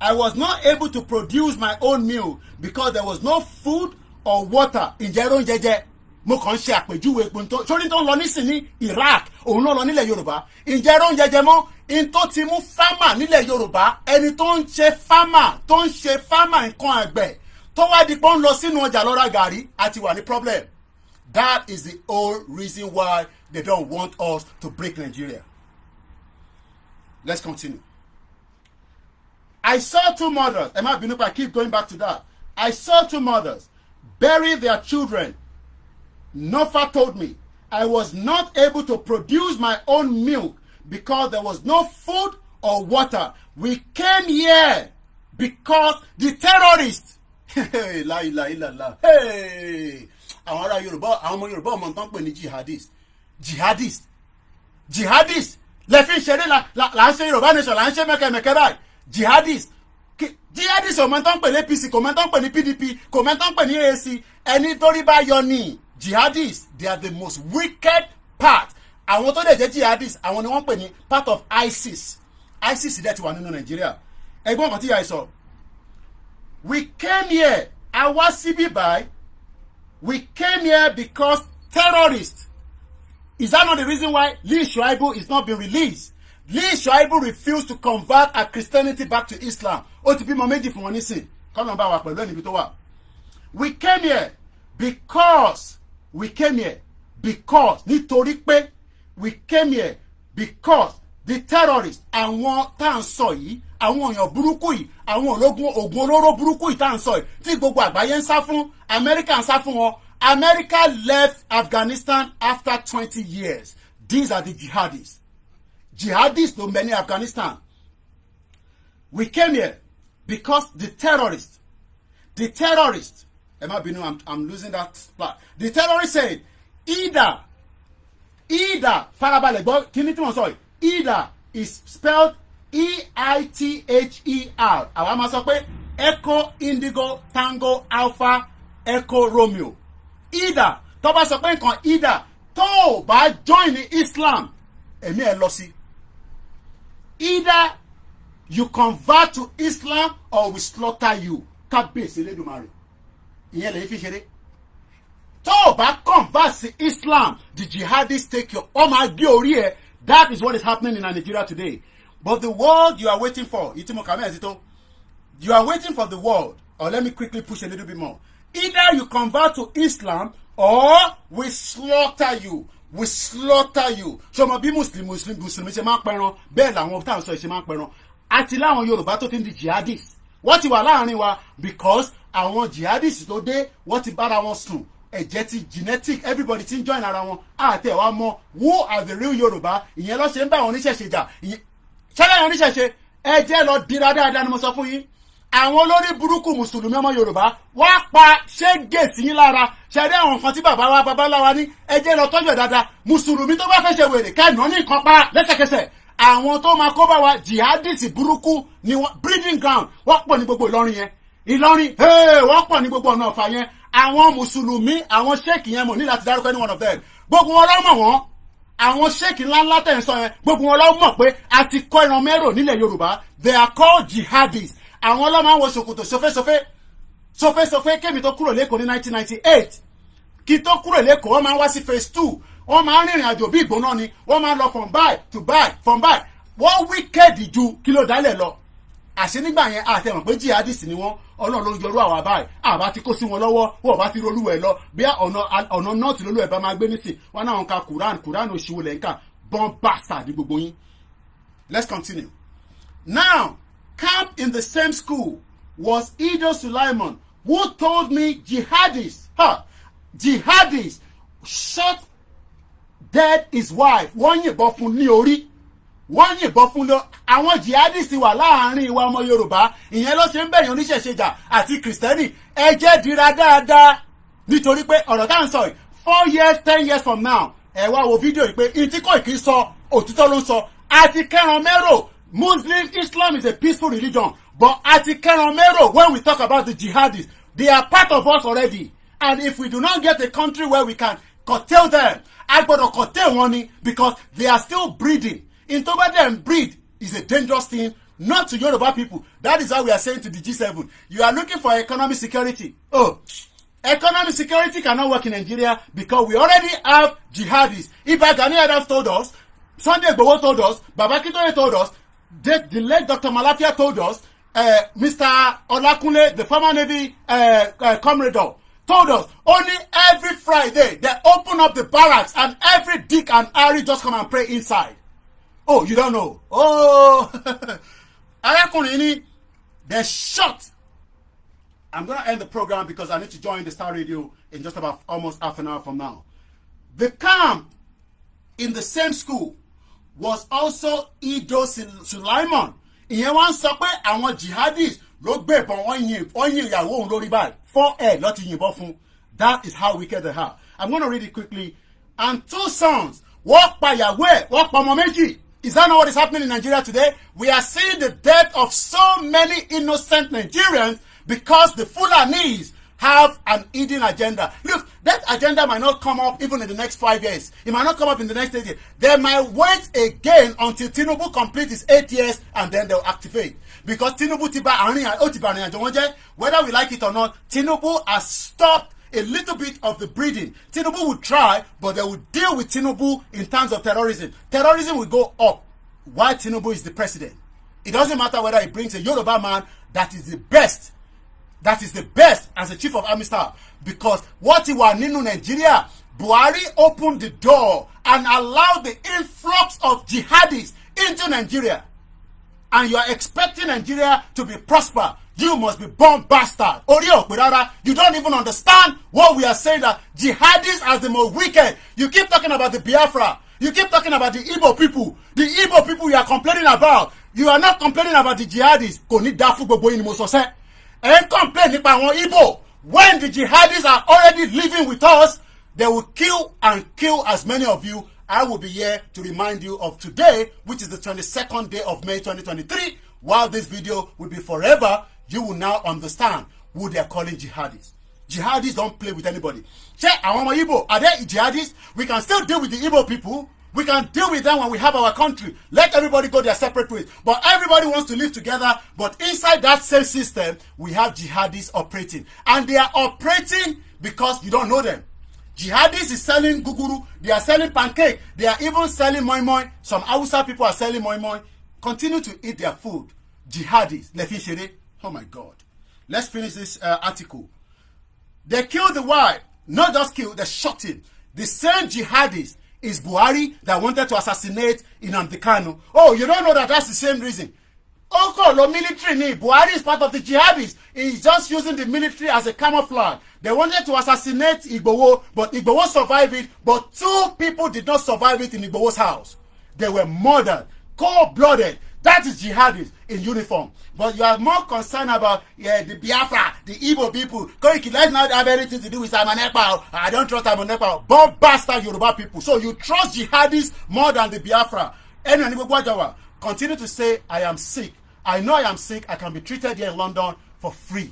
I was not able to produce my own meal because there was no food or water ìjẹ́rọ̀ oúnjẹ jẹ́ mo kàn ń ṣe àpèjúwe epo tó sórí tó ń lọ nísìnyí Iraq òun náà lọ nílẹ̀ Yorùbá ǹjẹ́ ẹ̀rọ ń jẹjẹ mọ́ in tó ti mú fámà nílẹ̀ Yorùbá ẹni tó ń ṣe fámà tó ń ṣe fámà nǹkan àgbẹ̀ tó wá di pé lọ sínú ọjà lọ́ra gàrí àti wà ní problem that is the whole reason why they don't want us to break Nigeria let's continue I saw two mothers ẹ má keep going back to that I saw two mothers bury their children Nofa told me, I was not able to produce my own milk because there was no food or water. We came here because the terrorists. la ilaha illallah. Hey, àwọn ará Yorùbá àwọn ọmọ Yorùbá ọmọ nǹkan pè ní jihadist jihadist jihadist lẹ́fí ìṣeré là ń ṣe Yorùbá nation là ń ṣe mẹ́kẹ́mẹ́kẹ́ báyìí jihadist jihadist ọmọ tó ń pè ní APC kò mọ́ tó ń pè ní PDP kò mọ́ tó ń pè ní AAC ẹni torí bá yọ nìyí. Jihadis, they are the most wicked part àwọn tó dẹ̀ jẹ́ jihadists àwọn ni wọ́n pè ní part of ISIS ISIS dẹ̀ ti wà nínú Nàìjíríà ẹgbọ́n kan tí yàrá sọ we came here a wá síbí báyìí we came here because terrorists is that not the reason why Lee Shuaibu is not being released Lee Shuaibu refused to convert her Christianity back to Islam ó ti bímọ méjì fún wọn nísìn kọ́nà bá wà pẹ̀lú ẹni ibi tó wà we came here because we came here because nítorí pé we came here because the terrorists àwọn tá à ń sọ yìí àwọn èèyàn burúkú yìí àwọn ológun oògùn olóró burúkú yìí tá à ń sọ yìí tí gbogbo àgbáyé ń sá fún America ń sá fún wọn America left Afghanistan after twenty years these are the jihadists jihadists ló mẹ́ni Afghanistan we came here because the terrorists the terrorists ẹ má i'm i'm losing that plot the terrorist said either either farabalẹ̀ gbọ́ kíní tí wọ́n sọ either is spelled e-i-t-h-e-r àwa máa sọ pé echo indigo tango alpha echo romeo either tó bá sọ pé either to by bá join islam Emi ẹ either you convert to islam or we slaughter you kábíyèsí lẹ́dùnmáà rẹ̀ ìyẹn lè fi ṣeré tó o bá convert sí Islam the jihadists take your ọmọ agé orí ẹ that is what is happening in Nigeria today but the world you are waiting for ìtumọ̀ kàmí ẹ̀ títún you are waiting for the world or let me quickly push a little bit more either you convert to Islam or we slaughter you we slaughter you ṣọmọ bí muslim muslim muslim ṣe máa ń pẹran bẹ́ẹ̀ làwọn tá à ń sọ ṣe máa ń pẹran àti láwọn yorùbá tó ti ń di jihadist wọ́n ti wà láàrin wa because àwọn jihadist tó dé wọ́n ti bára wọn sùn ẹ̀jẹ̀ ti genetic everybody ti ń join ara wọn àtẹ̀ wa mọ who are the real yorùbá ìyẹn ló ṣe ń bá àwọn oníṣẹ̀ṣe jà ṣẹlẹ̀ àwọn oníṣẹ̀ṣe ẹ jẹ́ lọ dira dáadáa ni mo sọ fún yín àwọn olórí burúkú mùsùlùmí ọmọ yorùbá wá pa ṣéǹgè sí yín lára ṣẹlẹ àwọn nǹkan tí bàbá wa babaláwa ní ẹ jẹ́ lọ tọ́jú ẹ̀ dáadáa mùsùlùmí tó bá fẹ́ ṣe wèrè kẹ́ẹ̀nà ní nǹkan pa lẹ́sẹ̀kẹsẹ̀ àwọn tó máa kó bá wa jihadist burúkú ni wọn breeding ground wọ́n pọ̀ ní gbogbo ìlọrin yẹn ìlọrin wọ́n pọ̀ ní gbogbo ọ̀nà ọ̀fà yẹn àwọn mùsùlùmí àwọn ṣéèkì yẹn mọ̀ ní láti dárúkọ any one of them gbogbo wọn lọ́mọ̀ wọn àwọn ṣéèkì ńláńlá tẹ̀ ń sọ yẹn gbogbo wọn lọ́mọ̀ pé a ti kọ́ ìran mẹ́rò nílẹ̀ yorùbá they are called jihadis àwọn ọlọ́mọ àwọn ṣòkòtò ṣofẹ́ṣofẹ́ ṣofẹ́ṣofẹ́ kémi tó kúrò lẹ́kọ̀ọ́ ní nineteen ninety eight kí tó kúrò lẹ́kọ̀ọ́ wọ́n máa ń wá sí phase two wọ́n máa ń rìnrìn àjò bí ìgbóná ni wọ́n máa ń lọ from by to buy from buy. wọ́n wíkẹ́ẹ̀dì ju kí ló dálẹ̀ lọ àṣẹ nígbà yẹn àtẹ̀wọ̀n pé jihadis ni wọ́n ọlọ́run ló ń yọrú àwọn àbá ẹ̀ àbá ti kó sí wọn lọ́wọ́ wọ́n bá ti rolú ẹ̀ lọ bí ọ̀nà nọ́ọ̀tì lólú ẹ̀ bá máa gbé nísìn wọn náà ń ka Quran Quran òṣìwò lẹ́ bọ́n bàṣà ní gbogbo yín. Let's continue. Now, camp in the same school was Ido Sulaiman who told me jihadists huh, jihadists shot dead his wife wọ́n yìnbọn fún ní orí wọ́n yìnbọn fún lọ àwọn jihadist wà láàárín ìwà ọmọ yorùbá ìyẹn ló ṣe ń bẹ̀yìn oníṣẹ̀ṣẹjà àti kìrìsìtẹ́nì ẹ jẹ́ dira dáadáa nítorí pé ọ̀rọ̀ tá à ń sọ yìí four years ten years from now ẹ wá wo fídíò yìí pé ìtí kò kí sọ òtítọ́ ló ń sọ àti kẹran mẹ́rò muslim islam is a peaceful religion but àti kẹran mẹ́rò when we talk about the jihadists they are part of us already and if we do not get a country where we can curtail them a gbọ́dọ̀ curtail wọn ni because they are still breeding intoverted breed is a dangerous thing not to Yoruba people that is how we are saying to the G7 you are looking for economic security oh economic security cannot work in Nigeria because we already have jihadists Iba Gani Adams told us Sunday Igboho told us Baba Akintoye told us the, the late Dr. Malafia told us uh, eh, Mr. Olakunle the former Navy uh, eh, uh, eh, commodore told us only every Friday they open up the barracks and every dick and Harry just come and pray inside oh you don't know oh arákùnrin ni they shot i'm gonna end the program because i need to join the star radio in just about almost half an hour from now the camp in the same school was also Ido Sulaiman ìyẹn wá ń sọ pé àwọn jihadis ló gbé ìbọn wọn yin wọn yin ìyàwó òun lórí báyìí fọ ẹ lọ ti yìnbọn fún that is how wicked they are i'm gonna read it quickly and two sons wọ́n pa ìyàwó ẹ̀ wọ́n pa ọmọ méjì Is that not what is happening in Nigeria today? We are seeing the death of so many innocent Nigerians because the Fulanis have an hidden agenda. Look, that agenda might not come up even in the next five years. It might not come up in the next eight years. They might wait again until Tinubu completes his eight years and then they'll activate. Because Tinubu Tiba ba àárín ó ti ba àárín whether we like it or not Tinubu has stopped a little bit of the breeding. Tinubu will try, but they will deal with Tinubu in terms of terrorism. Terrorism will go up while Tinubu is the president. It doesn't matter whether he brings a Yoruba man that is the best, that is the best as a chief of army staff. Because what he was in Nigeria, Buhari opened the door and allowed the influx of jihadists into Nigeria. And you are expecting Nigeria to be prosperous you must be born bastard orí ò you don't even understand what we are saying that jihadists are the most wicked you keep talking about the Biafra you keep talking about the Igbo people the Igbo people you are complaining about you are not complaining about the jihadists kò ní dá gbogbo yín ni mo sọ sẹ́ ẹ̀ ń complain nípa àwọn Igbo when the jihadists are already living with us they will kill and kill as many of you I will be here to remind you of today which is the 22nd day of May 2023 while this video will be forever you will now understand who they are calling jihadists jihadists don't play with anybody Check àwọn ọmọ Igbo are they jihadists we can still deal with the Igbo people we can deal with them when we have our country let everybody go their separate ways but everybody wants to live together but inside that same system we have jihadists operating and they are operating because you don't know them jihadists is selling guguru they are selling pancake they are even selling moi moi some Hausa people are selling moi moi continue to eat their food jihadists lefi sere Oh my God. Let's finish this uh, article. They killed the wife. Not just killed, they shot him. The same jihadist is Buhari that wanted to assassinate Nnamdi Kanu. Oh, you don't know that that's the same reason. Oko the military ni Buhari is part of the jihadists. He's just using the military as a camouflage. They wanted to assassinate Igbowo, but Igbowo survived it. But two people did not survive it in Igbowo's house. They were murdered, cold-blooded. That is jihadists in uniform. But you are more concerned about yeah, the Biafra, the Igbo people. Koiki, let's not have anything to do with Amanepa. I don't trust Amanepa. Bomb bastard Yoruba people. So you trust jihadists more than the Biafra. Anyone Anyway, Nibogwajawa, continue to say, I am sick. I know I am sick. I can be treated here in London for free.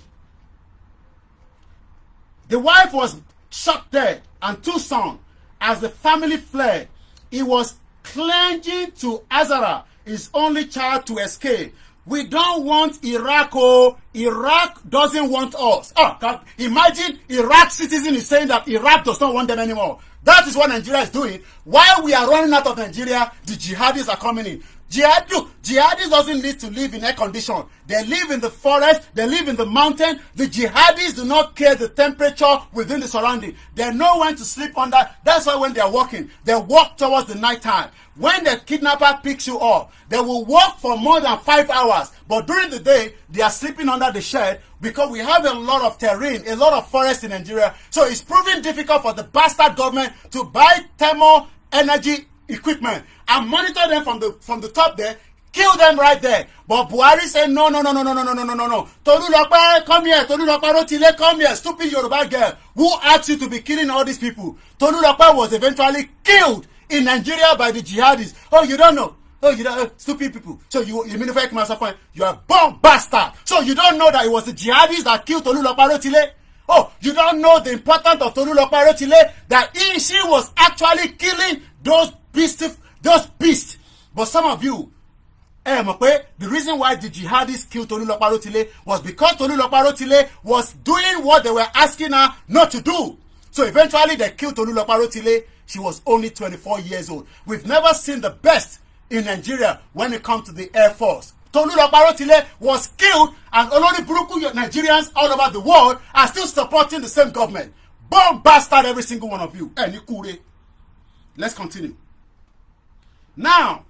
The wife was shot dead and two sons. As the family fled, he was clinging to Azara his only child to escape. We don't want Iraq, oh, Iraq doesn't want us. Oh, imagine Iraq citizen is saying that Iraq does not want them anymore. That is what Nigeria is doing. While we are running out of Nigeria, the jihadists are coming in. Jihadu, jihadists doesn't need to live in air condition. They live in the forest, they live in the mountain. The jihadists do not care the temperature within the surrounding. They know when to sleep under. That's why when they are walking, they walk towards the night time. When the kidnapper picks you up, they will walk for more than five hours. But during the day, they are sleeping under the shed because we have a lot of terrain, a lot of forest in Nigeria. So it's proving difficult for the bastard government to buy thermal energy equipment and monitor them from the from the top there kill them right there but Buhari say no no no no no no no no no no Tolulope come here Tolulope Rotile come here stupid Yoruba girl who asked you to be killing all these people Tolulope was eventually killed in Nigeria by the jihadists oh you don't know oh you don't know oh, stupid people so you you mean if I come out point you are born bastard so you don't know that it was the jihadists that killed Tolulope Rotile oh you don't know the importance of Tolulope Rotile that he she was actually killing those beast just beast but some of you ẹ mọ̀ pé the reason why the jihadist killed Tolulopa Rotile was because Tolulopa Rotile was doing what they were asking her not to do so eventually they killed Tolulopa Rotile she was only twenty-four years old we've never seen the best in Nigeria when it comes to the Air Force Tolulopa Rotile was killed and olórí burúkú Nigerians all over the world are still supporting the same government bomb bastard every single one of you ẹ ní kúre let's continue. Now,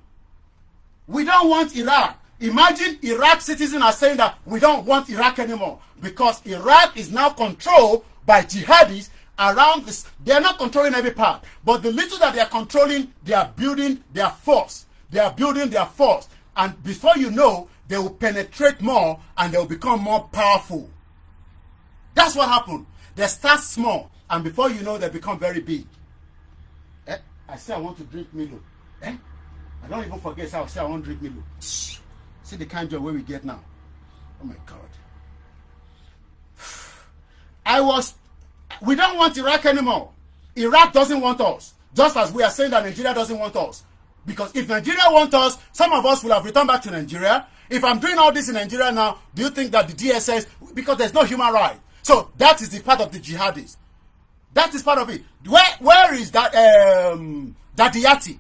we don't want Iraq. Imagine Iraq citizens are saying that we don't want Iraq anymore because Iraq is now controlled by jihadis around this. They're not controlling every part, but the little that they are controlling, they are building their force. They are building their force. And before you know, they will penetrate more and they will become more powerful. That's what happened. They start small and before you know, they become very big. Eh? I say I want to drink Milo. Eh? I don't even forget, say, say 100 million. See the kind of way we get now. Oh my God. I was, we don't want Iraq anymore. Iraq doesn't want us. Just as we are saying that Nigeria doesn't want us. Because if Nigeria wants us, some of us will have returned back to Nigeria. If I'm doing all this in Nigeria now, do you think that the DSS, because there's no human right. So that is the part of the jihadists. That is part of it. Where, where is that, um, Dadiati?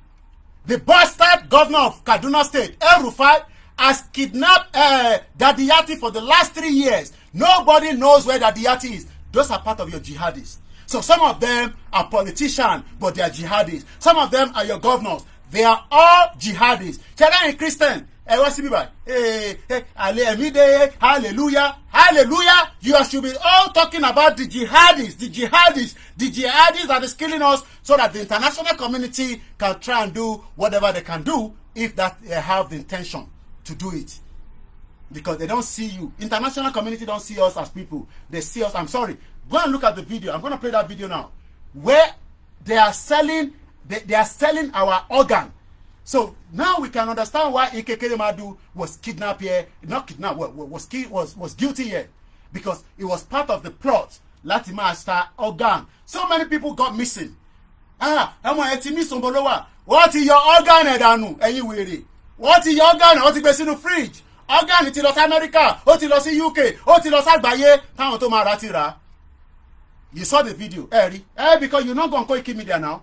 The bastard governor of Kaduna State, El Rufai, has kidnapped uh, Daddy Yati for the last three years. Nobody knows where Daddy Yati is. Those are part of your jihadists. So some of them are politicians, but they are jihadists. Some of them are your governors. They are all jihadists. Children and Christian, ẹ wá síbí bá àlẹ eh, eh, ẹ̀mí dé hallelujah hallelujah you should be all talking about the jihadists the jihadists the jihadists that is killing us so that the international community can try and do whatever they can do if that they eh, have the intention to do it because they don't see you international community don't see us as people they see us i'm sorry go and look at the video i'm gonna play that video now where they are selling they, they are selling our organ So now we can understand why Ikekere Madu was kidnapped here, not kidnapped, was, was, was, was guilty here. Because it was part of the plot láti máa ta organ. So many people got missing. Ah, ẹmọ ẹ ti miss Ombolowa. Wọ́n ti yọ organ ẹ̀ dànù ẹ̀yin wèrè. Wọ́n ti yọ organ wọ́n ti gbé sínú fridge. Organ ti lọ sí America, ó ti lọ sí UK, ó ti lọ sí àgbáyé táwọn tó máa ra ti rà. You saw the video, ẹ rí. Ẹ eh, because you no go on Koiki Media now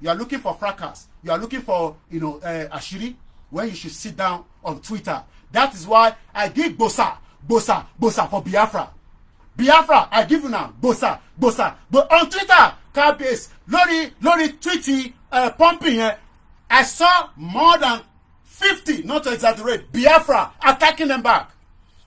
you are looking for fracas you are looking for you know uh, eh, ashiri when you should sit down on twitter that is why i give gbosa gbosa gbosa for biafra biafra i give una gbosa gbosa but on twitter kábíyèsí lórí lórí twiti uh, eh, pumping yẹn i saw more than fifty not to exaggerate biafra attacking them back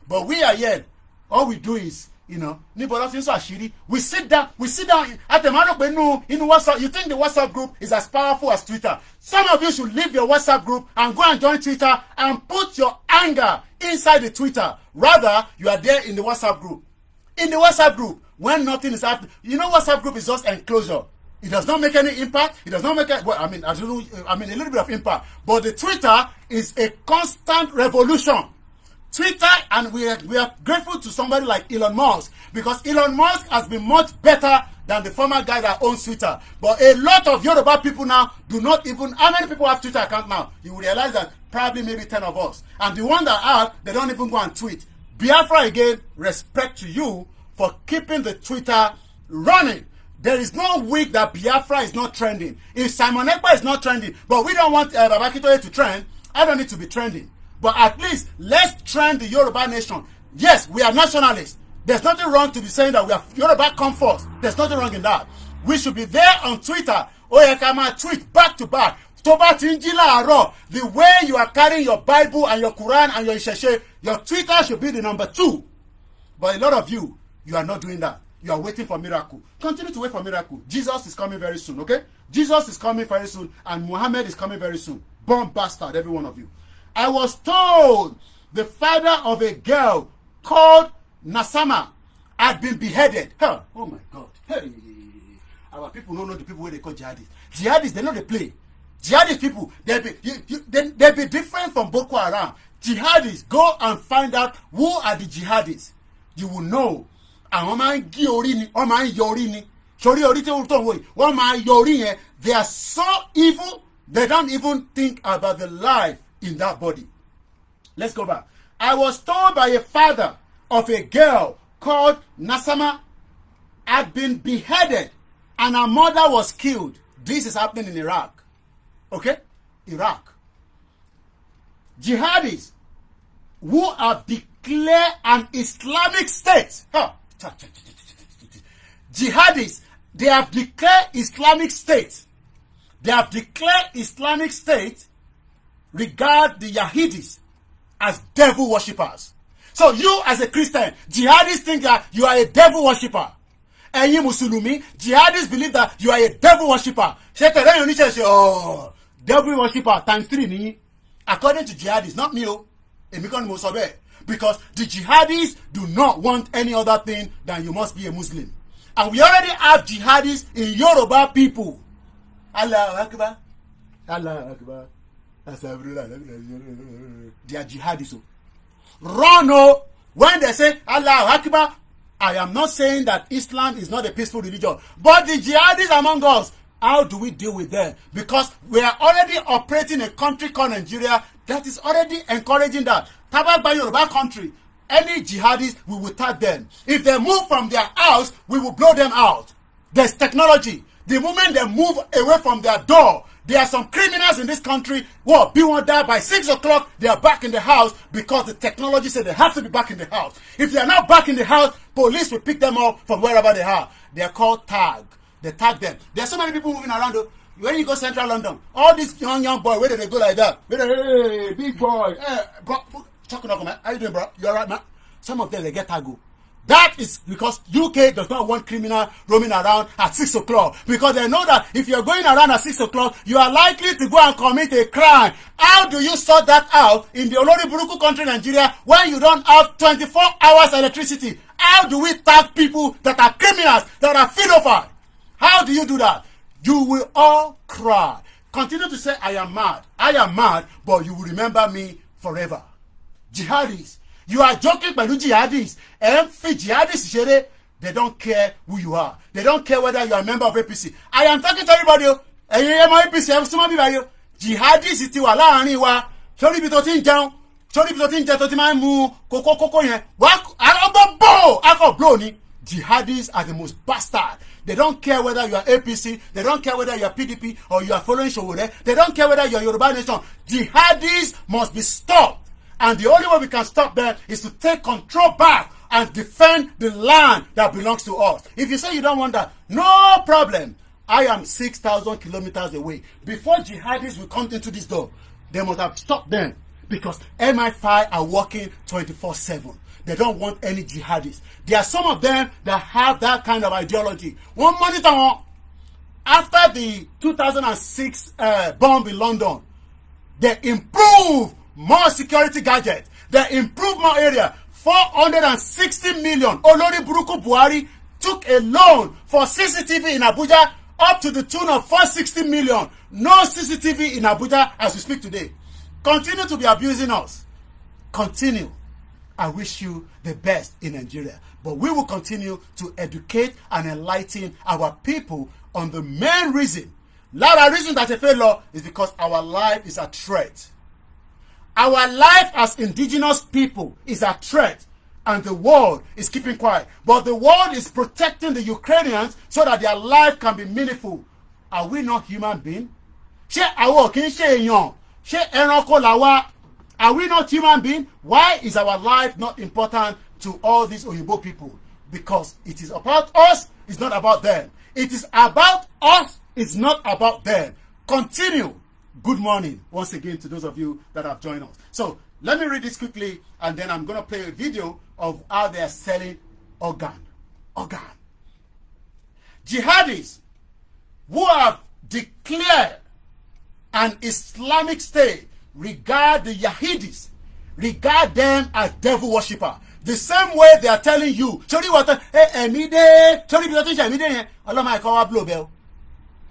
but we are here all we do is you know níbo lọ́ọ́ ti ń sọ we sit down we sit down àtẹ̀mọ́rò pé inú inú whatsapp you think the whatsapp group is as powerful as twitter some of you should leave your whatsapp group and go and join twitter and put your anger inside the twitter rather you are there in the whatsapp group in the whatsapp group when nothing is happening you know whatsapp group is just enclosure it does not make any impact it does not make any well i mean i don't know i mean a little bit of impact but the twitter is a constant revolution Twitter, and we are, we are grateful to somebody like Elon Musk because Elon Musk has been much better than the former guy that owns Twitter. But a lot of Yoruba people now do not even, how many people have Twitter account now? You will realize that probably maybe 10 of us. And the one that have, they don't even go and tweet. Biafra again, respect to you for keeping the Twitter running. There is no week that Biafra is not trending. If Simon Ekpa is not trending, but we don't want uh, Babakitoye to trend, I don't need to be trending but at least let's train the Yoruba nation. Yes, we are nationalists. There's nothing wrong to be saying that we are Yoruba come first. There's nothing wrong in that. We should be there on Twitter. Ó yẹ ká máa tweet back to back. Tó bá ti ń the way you are carrying your Bible and your Quran and your Ìṣẹ̀ṣe, your Twitter should be the number two. But a lot of you, you are not doing that. You are waiting for miracle. Continue to wait for miracle. Jesus is coming very soon, okay? Jesus is coming very soon and Muhammad is coming very soon. Bomb bastard, every one of you. I was told the father of a girl called Nasama had been beheaded. Huh. Oh my God. Hey. Our people don't know the people where they call jihadists. Jihadists, they know dey play. Jihadist people, they be, you, you, they, they be different from Boko Haram. Jihadists, go and find out who are the jihadists. You will know. Àwọn máa ń gé orí ni, wọ́n máa ń yọ orí ni. Sori orí tí wọ́n tó ń wọ́n máa yọ orí yẹn. They are so evil, they don't even think about the life in that body. Let's go back. I was told by a father of a girl called Nasama had been beheaded and her mother was killed. This is happening in Iraq. Okay? Iraq. Jihadists who have declared an Islamic state. Huh. Jihadists, they have declared Islamic state. They have declared Islamic state regard the Yahidis as devil worshippers. So you as a Christian, jihadists think that you are a devil worshipper. Ẹ̀yin Muslimi, jihadists believe that you are a devil worshipper. Ṣé tẹ̀lé yín say, oh, devil worshipper times three nìyí? According to jihadists, not me o, èmi kọ́ mo sọ Because the jihadists do not want any other thing than you must be a Muslim. And we already have jihadists in Yoruba people. Allah Akbar. Allah Akbar. They are jihadists. Run, oh! When they say Allah Akbar, I am not saying that Islam is not a peaceful religion, but the jihadists among us, how do we deal with them? Because we are already operating a country called Nigeria that is already encouraging that. Tabagba Yoruba country, any jihadists, we will tag them. If they move from their house, we will blow them out. There's technology the moment they move away from their door there are some criminals in this country who, be one die by six o'clock they are back in the house because the technology say they have to be back in the house if they are not back in the house police will pick them up from wherever they are they are called tag they tag them there are so many people moving around though when you go central london all these young young boy where did they go like that hey big boy hey eh, bro chokun okun man how you doing bro you all right, man some of them they get tagged. Oh. That is because UK does not want criminal roaming around at six o'clock because they know that if you are going around at six o'clock, you are likely to go and commit a crime. How do you sort that out in the Olori Buruku country, Nigeria, when you don't have 24 hours electricity? How do we tag people that are criminals, that are pedophiles? How do you do that? You will all cry. Continue to say, I am mad. I am mad, but you will remember me forever. Jihadis you are joking pẹ̀lú jihadists ẹ̀ ń fi jihadists ṣeré they don't care who you are they don't care whether you are a member of APC I am talking to everybody o ẹ̀yin ẹmọ APC ẹ súnmọ́ bíbá yìí o Jihadis ti wà láàrin wa sórí ibi tó ti ń jẹun sórí ibi tó ti ń jẹ tó ti máa ń mu kókó kókó yẹn wà á gbọ́ bò á kọ̀ blow ni Jihadis are the most bastard they don't care whether you are apc they don't care whether you are pdp or you are following sowore they don't care whether you are yoruba nation Jihadis must be stopped And the only way we can stop them is to take control back and defend the land that belongs to us. If you say you don't want that, no problem. I am 6,000 kilometers away. Before jihadists will come into this door, they must have stopped them because MI5 are working 24 7. They don't want any jihadists. There are some of them that have that kind of ideology. One monitor on after the 2006 uh, bomb in London, they improved more security gadgets the improvement area four hundred and sixty million Olori Buruku Buhari took a loan for CCTV in Abuja up to the tune of four sixty million no CCTV in Abuja as we speak today continue to be abusing us continue I wish you the best in Nigeria but we will continue to educate and enlighten our people on the main reason lára reason that ẹ fẹ́ lọ is because our life is at threat Our life as indigenous people is a threat and the world is keeping quiet. But the world is protecting the Ukrainians so that their life can be meaningful. Are we not human beings? Ṣé àwọn kì í ṣe èèyàn? Ṣé ẹranko làwa? Are we not human beings? Why is our life not important to all these Oyinbo people? Because it is about us, it's not about them. It is about us, it's not about them. Continue good morning once again to those of you that have joined us. So let me read this quickly and then I'm going to play a video of how they are selling organ. Organ. Jihadis who have declared an Islamic state regard the Yahidis, regard them as devil worshippers. The same way they are telling you, sori wọ́tọ́ eh, ẹ̀mí dé me bí wọ́n ti ń ṣe ẹ̀mí dé yẹn ọlọ́mọ ẹ̀kọ́ wa blow bell.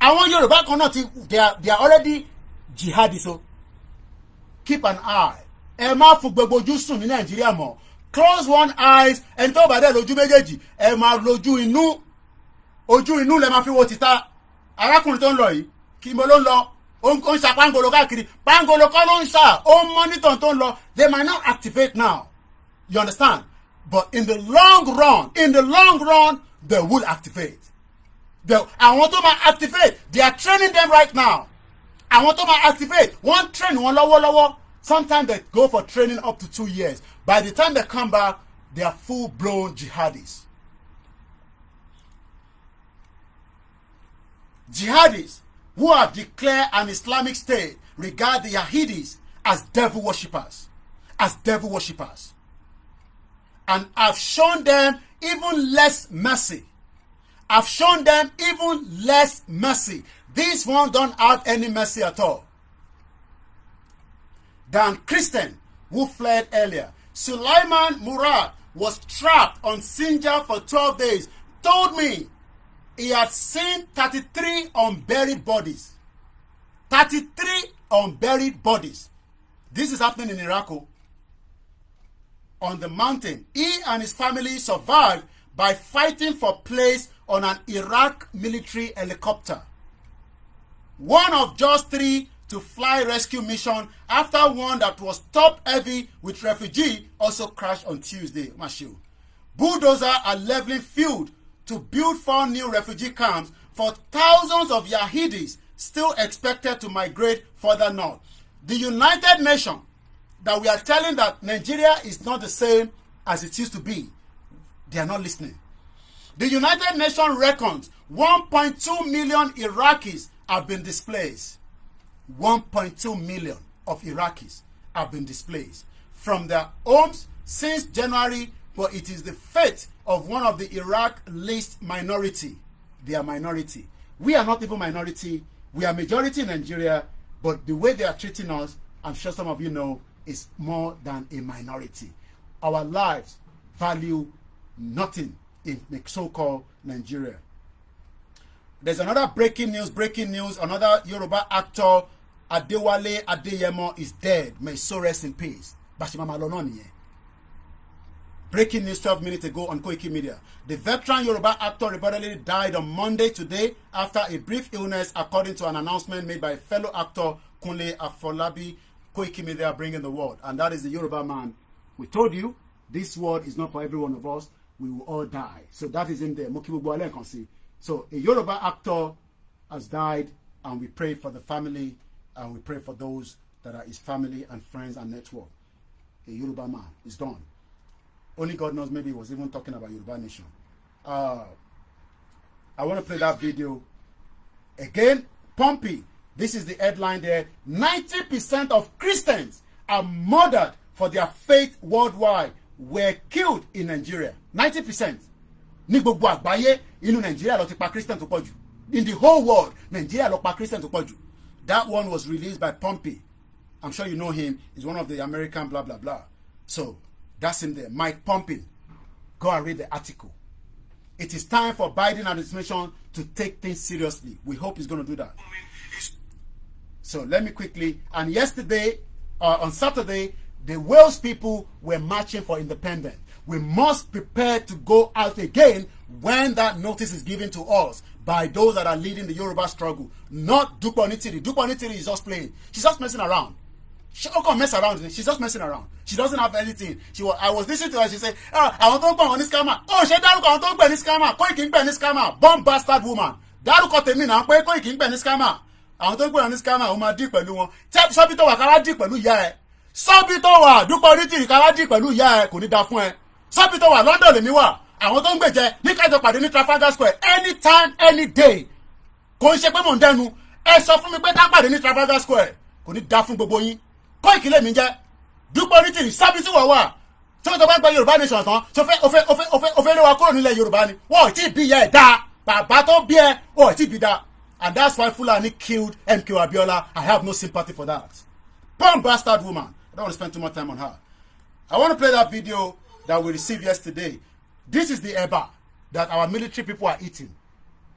Àwọn Yorùbá kan náà ti they are they are already jihadi so keep an eye ẹ má fún gbogbo ojú sùn ní nàìjíríà mọ́ close one eyes ẹni tó bá dẹ̀ lójú méjèèjì ẹ máa lójú inú ojú inú lẹ máa fi wo títa arákùnrin tó ń lọ yìí kí mo ló ń lọ ó ń sa pangolo káàkiri pangolo kọ́ ló ń sa ó ń mọ́nítọ̀ tó ń lọ they might not activate now you understand but in the long run in the long run they will activate the àwọn tó máa activate they are training them right now àwọn tó máa activate wọ́n train wọn lọ́wọ́lọ́wọ́ sometimes they go for training up to two years by the time they come back they are full blown jihadists. Jihadis who have declared an Islamic state regard the Yahidis as devil worshippers as devil worshippers and have shown them even less mercy have shown them even less mercy These ones don't have any mercy at all. Than Christian who fled earlier. Sulaiman Murad was trapped on Sinjar for 12 days. Told me he had seen 33 unburied bodies. 33 unburied bodies. This is happening in Iraq. Oh. On the mountain, he and his family survived by fighting for place on an Iraq military helicopter. one of just three to fly rescue mission after one that was top heavy with refugee also crashed on Tuesday. Mashiu. Bulldozer are leveling field to build four new refugee camps for thousands of Yahidis still expected to migrate further north. The United Nations that we are telling that Nigeria is not the same as it used to be, they are not listening. The United Nations reckons 1.2 million Iraqis have been displaced. 1.2 million of Iraqis have been displaced from their homes since January, but it is the fate of one of the Iraq least minority. They are minority. We are not even minority. We are majority in Nigeria, but the way they are treating us, I'm sure some of you know, is more than a minority. Our lives value nothing in so-called Nigeria. there's another breaking news breaking news another Yoruba actor Adewale Adeyemo is dead may so rest in peace bashimama lọ náà nìyẹn breaking news twelve minutes ago on Koiki Media the veteran Yoruba actor reportedly died on Monday today after a brief illness according to an announcement made by fellow actor Kunle Afolabi Koiki Media bringing the word and that is the Yoruba man we told you this word is not for every one of us we will all die so that is in there mo kí gbogbo alẹ́ kan sí So a Yoruba actor has died, and we pray for the family, and we pray for those that are his family and friends and network. A Yoruba man is done. Only God knows maybe he was even talking about Yoruba nation. Uh, I want to play that video. Again, Pompey. This is the headline there. 90% of Christians are murdered for their faith worldwide were killed in Nigeria. 90%. ní gbogbo àgbáyé inú nàìjíríà ló ti pa christian tó pọ̀ jù in the whole world nàìjíríà ló pa christian tó pọ̀ jù that one was released by pompey i'm sure you know him he's one of the american blah blah blah so that's him there mike pompey go and read the article it is time for biden administration to take things seriously we hope he's going to do that so let me quickly and yesterday uh, on saturday the wales people were marching for independence we must prepare to go out again when that notice is given to us by those that are leading the Yoruba struggle, not Dupe Onitiri. Dupe Onitiri is just playing. She's just messing around. She can't mess around. She's just messing around. She doesn't have anything. She was, I was listening to her. She said, oh, ah, I want to go on this camera. Oh, she dárúkọ àwọn tó ń pè ní scammer. Koiki ń pè this camera? Bomb bastard woman. Dárúkọ tèmi náà pé Koiki ń pè ní scammer. Àwọn tó ń pè ní scammer, ó máa dì pẹ̀lú wọn. Sọ́bítọ̀ wà kára dì pẹ̀lú ìyá ẹ̀. Sọ́bítọ̀ wà Dupe Onitiri kára dì pẹ̀lú ìyá ẹ̀ kò ní da fún ẹ sọ́bìtọ̀ wà London lèmi wà àwọn tó ń gbèjẹ ní kájọ pàdé ní Trafalgar Square anytime any day kò ń ṣe pé mò ń dẹnu ẹ sọ fún mi pé ká pàdé ní Trafalgar Square kò ní da fún gbogbo yín kó ìkìlẹ̀ mi jẹ́ dúpọ̀ onítìrì sábìtì wà wà tí wọ́n tó bá gba Yorùbá nation tán tó fẹ́ òfẹ́ òfẹ́ òfẹ́ òfẹ́ lé wa kúrò nílẹ̀ Yorùbá ni wọ́n ò tí ì bí ìyá ẹ̀ dáa bàbá tó bí ẹ ò ì bí dáa and that's why Fulani killed MK Abiola I have no sympathy for that. Born bastard woman I don't want to spend too much time on her. I want to play that video that we received yesterday. This is the eba that our military people are eating.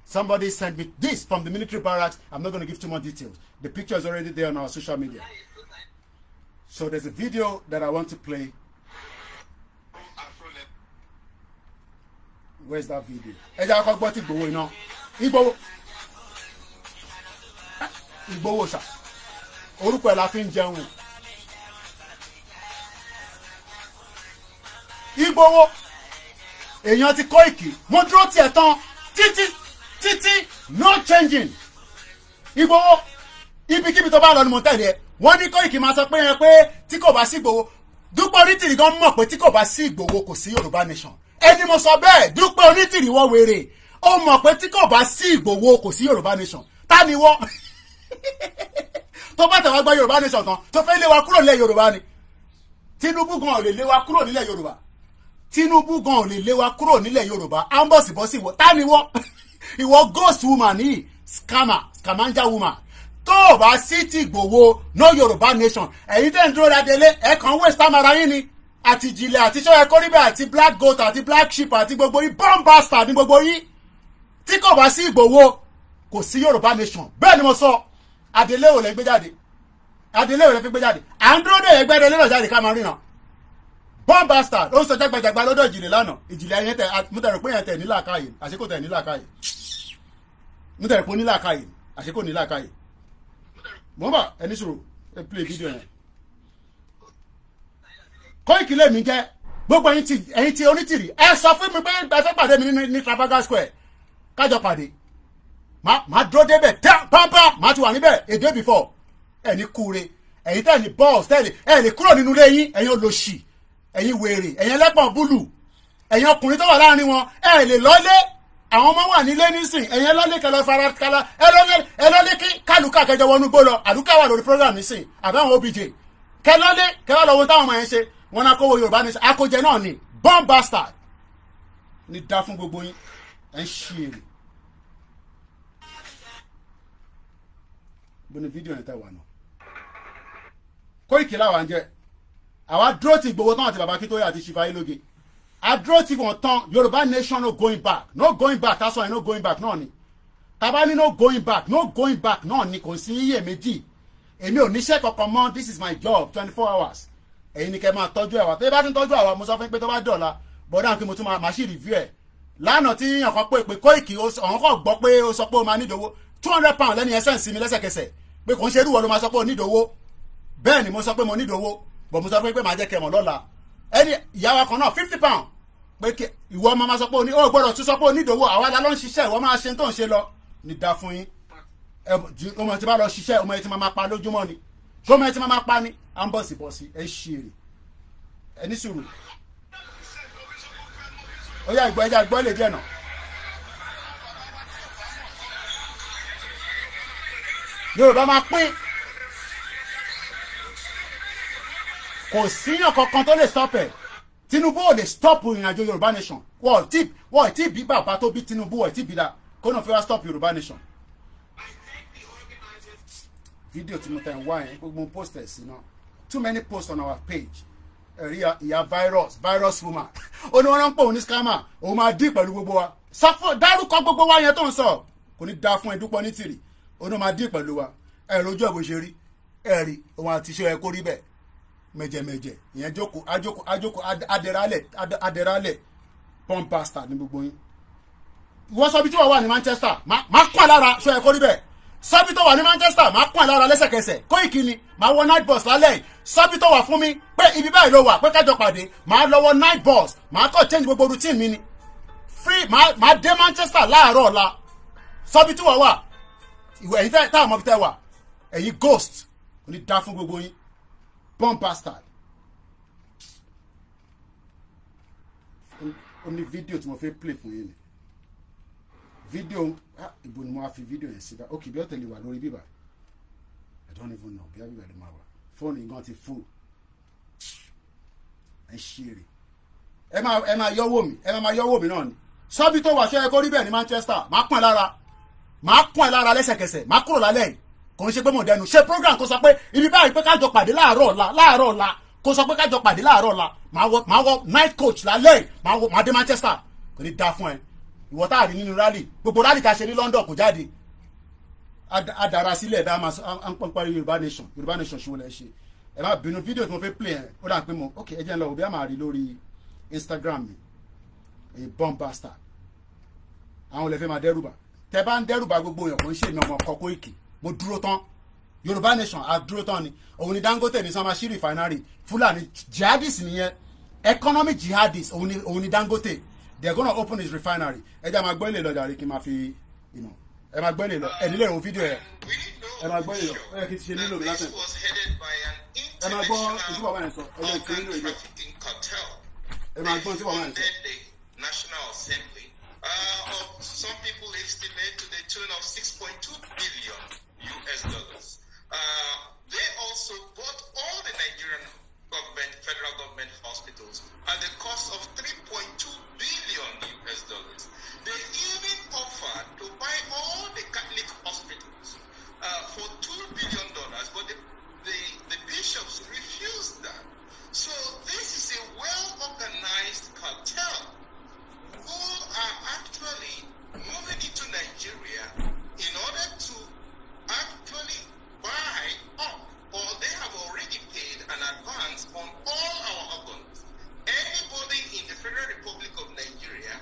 Somebody sent me this from the military barracks. I'm not going to give too much details. The picture is already there on our social media. So there's a video that I want to play. Where's that video? Ẹ jẹ́ akọ́gbọ́ ti gbowó iná. Igbowo. Igbowo sà. Orúkọ ẹ̀ la fi Ìgbòho èèyàn ti kọ́ ìkì mo dúró tiẹ̀ tán títí títí no changing Ìgbòho ibikíbi tó bá lọ ni mo tẹ̀lé ẹ wọ́n ní kọ́ ìkì máa sọ pé yẹn pé tí kò bá sí Ìgbòho Dúpẹ́ Onítìrì gan mọ̀ pé tí kò bá sí Ìgbòho kò sí Yorùbá nation ẹni mo sọ bẹ́ẹ̀ Dúpẹ́ Onítìrì wọ́n wèrè ó mọ̀ pé tí kò bá sí Ìgbòho kò sí Yorùbá nation ta ni wọ́n tó bá tẹ̀wá gba Yorùbá nation tán tó fẹ́ lé wa kúrò nílẹ̀ Yorùbá ni Tinubu gan ò lè lé wa kúrò nílẹ̀ Yorùbá Tinubu gan ò lè lé wa kúrò nílẹ̀ Yorùbá à ń bọ̀ sí ìwọ ghost woman yìí scammer scamanja woman tó o bá sí ti gbòwó no Yorùbá nation ẹ̀yin tẹ́ ń dúró ládélé ẹ̀ kàn ń waste time ara yín ni àti ìjìnlẹ̀ àti sọ́yà kórìbẹ̀ àti black goat àti black sheep àti gbogbo yìí bomb bastard ní gbogbo yìí tí kò bá sí ìgbòho kò sí yorùbá nation bẹ́ẹ̀ ni mo sọ adelé ò lè gbé jáde adelé ò lè fi gbé jáde à ń dúró dé ẹgbẹ́ rẹ jáde ká máa ríran born bastard ó ń sọ jágbàjàgbà lọ́dọ̀ ìjìnlẹ̀ lánàá ìjìnlẹ̀ ayé tẹ mútẹ̀rẹ̀ pé yẹn tẹ̀ ní làákàyè àṣekò tẹ̀ ní làákàyè mútẹ̀rẹ̀ pé ní làákàyè àṣekò ní làákàyè mọ́bà ẹni sòrò ẹ play video yẹn. Koiki lèmi jẹ́ gbogbo ẹ̀yin tí ẹ̀yin tí onítìrì ẹ sọ fún mi pé ẹ fẹ́ pàdé mi ní Trafalgar Square kájọ pàdé màá dúró débẹ̀ tẹ́ pampa màá ti wà níbẹ̀ a day before ẹni kúure ẹ̀yin tẹ́ ẹni bọ́ọ̀sì tẹ́ ẹni kúrò nínú ilé yín ẹ̀yin olóṣì ẹ̀yin wèrè ẹ̀yin ẹlẹ́pọ̀n búlù ẹ̀yin ọkùnrin tó wà láàrin wọn ẹ̀ lè lọ́lé àwọn ọmọ wà nílé nísìn ẹ̀yin ẹlọ́lé kẹlẹ́ fara kala ẹlọ́lé kí kálukà kẹjọ wọnú gbó lọ àdúkà wà lórí program nísìn àbẹ́wọn obj kẹlọ́lé kẹwà lọ́wọ́ táwọn ọmọ yẹn ṣe wọn náà kówó yorùbá ní akójẹ náà ni born bastard ni dá fún gbogbo yín ẹ ń ṣe èrè. bó ni fídíò yẹn tẹ wà náà Koiki làwọn jẹ́ àwa dúró ti Ìgbòho tán àti bàbá Akíntóyè àti Chief Ayéloge a dúró ti wọn tán Yorùbá nation no going back no going back tá a sọ yẹn no going back náà ni tàbá ní no going back no going back náà ni kò sí iyèméjì èmi ò níṣẹ́ kankan mọ́ this is my job twenty four hours èyí ni kẹ́ máa tọ́jú ẹ̀ wá tẹ́ bá ti ń tọ́jú àwa mo sọ fún pé tó bá dọ̀la bọ́dá kí mo tún máa ṣì review ẹ̀ lánàá tí èèyàn kan pé pé Kóìkì ọ̀hún kan gbọ́ pé ó sọ pé ó máa nídòwó two hundred pound lẹ́ni ẹsẹ̀ ń sinmi lẹ́sẹ̀kẹsẹ̀ pé kò ń ṣerú wọn ló máa sọ pé ó nídòwó bẹ́ẹ̀ ni mo sọ pé mo nídòwó bọ̀ mo sọ fún yín pé màá jẹ́ kẹmọ̀ lọ́la ẹni ìyá wa náà fifty pound pé kí ìwọ ọmọ máa sọ pé o ní o gbọ́dọ̀ tún sọ pé o ní ìdòwò àwa la ló ń ṣiṣẹ́ ìwọ máa ṣe tó ń ṣe lọ ní da fún yín ọmọ tí bá lọ ṣiṣẹ́ ọmọ yẹn ti máa pa lójúmọ́ ni ṣọmọ yẹn ti máa pa ni à ń bọ̀sì bọ̀sì ẹ ṣe èrè ẹ ní sùúrù ó yá ìgbọ́ ẹja ìgbọ́ lè díẹ̀ náà. Yorùbá máa pín kò síyàn kankan tó lè stop ẹ̀ Tinubu ò lè stop ìrìnàjò Yorùbá nation wọ́n ti wọ́n ti bí bàbá tó bí Tinubu wọ́n ti bí da kó náà fi wá stop Yorùbá nation. fídíò tí mo tẹ̀ ń wá yẹn gbogbo post ẹ̀ sí náà too many posts on our page ẹ̀rí ìyá virus virus woman ó ní wọ́n rán pé òun ní scammer òun máa dín pẹ̀lú gbogbo wa sọ́fọ́ dárúkọ gbogbo wa yẹn tó ń sọ kò ní da fún ẹdúpọ̀ ní tìrì òun máa dín pẹ̀lú wa ẹ̀rọ ojú ẹ̀ bó ṣe rí ẹ̀rí òun àti ẹ̀ kó bẹ́ẹ̀ mẹjẹmẹjẹ ìyẹn jókòó ajókòó ajókòó adẹralẹ adẹralẹ pọmpasta ní gbogbo yín wọ́n sọ bí tí wọ́n wà ní Manchester má kún ẹ̀ lára sọ ẹ̀ kórí bẹ́ẹ̀ sọ́bí tó wà ní Manchester má kún ẹ̀ lára lẹ́sẹ̀kẹsẹ̀ kó ìkíni má wọ night bus lálẹ́ yìí sọ́bí tó wà fún mi pé ibi báyìí ló wà pé kájọ pàdé má lọ́wọ́ night bus má kọ́ change gbogbo routine mi ni free má má dé Manchester láàárọ̀ ọ̀la sọ́bí tí wọ́n wà ìwé ẹ̀yin táwọn ọmọ fi tẹ́ wà ẹ̀yin ghost kò ní dá fún gbogbo yín Bon bastard. Ó ní fídíò tí mo fẹ́ play fún yín ni. Fídíò ìbò ah, ni mo wá fi fídíò yẹn síbá. Ó kì bí ó tẹ̀lé wà lórí bíbá. I don't even know bí ábíbá ló máa wà. Fóònù yìí gan ti fún. Ẹ ṣe èrè. Ẹ máa ẹ máa yọ́wọ́ mi ẹ máa yọ́wọ́ mi náà ni. Sọ́bí tó wà ṣẹ́yẹ kó rí bẹ́ẹ̀ ní Manchester. Màá pọ̀n lára. Màá pọ̀n lára lẹ́sẹ̀kẹsẹ̀. Màá kúrò lálẹ́ yìí kò ń ṣe pé mo dẹnu ṣe program kó sọ pé ibi báyìí pé kájọ pàdé láàárọ̀ ọ̀la láàárọ̀ ọ̀la kó sọ pé kájọ pàdé láàárọ̀ ọ̀la màá wọ màá wọ night coach lálẹ́ màá wọ màá dé Manchester kò ní da fún ẹ ìwọ tá nínú rally gbogbo rally ta ṣe ní London kò jáde a sílẹ̀ dá a máa ń pọ́npọ́n Yorùbá nation Yorùbá nation ṣùgbọ́n ẹ ṣe ẹ má bínú fídíò tí mo fẹ́ play ẹ ó dà pé mo ok ẹ jẹ́ ń lọ òbí àmà rí lórí Instagram mi a bomb bastard àwọn olè fẹ́ máa dẹ́rùbà tẹ bá ń dẹ́rùbà gbogbo èèyàn kò ń mo dúró tán yorùbá nation a dúró tán ni òun ni dangote ní samasi refinery fulani jihadist nìyẹn economic jihadist òun ni òun ni dangote they are gonna open his refinery ẹ jẹ́ àmà gbọ́ ilé lọ́jà rí kí n máa fi ìmọ̀ ẹ máa gbọ́ ilé lọ ẹ̀ nílẹ̀ òun fídíò ẹ̀ ẹ máa gbọ́ ilé lọ ẹ kì í ṣe nílò mi látẹ̀ ẹ máa gbọ́ ìtú bàbá sọ ẹ jẹ́ ìtú nílò ìjọ ẹ máa gbọ́ ìtú bàbá sọ. National Assembly uh, of some people estimate to the tune of 6.2 billion US dollars. Uh, they also bought all the Nigerian government, federal government hospitals at the cost of 3.2 billion US dollars. They even offered to buy all the Catholic hospitals uh, for 2 billion dollars, but the, the, the bishops refused that. So this is a well-organized cartel who are actually moving into Nigeria in order to actually buy up, or they have already paid an advance on all our organs. Anybody in the Federal Republic of Nigeria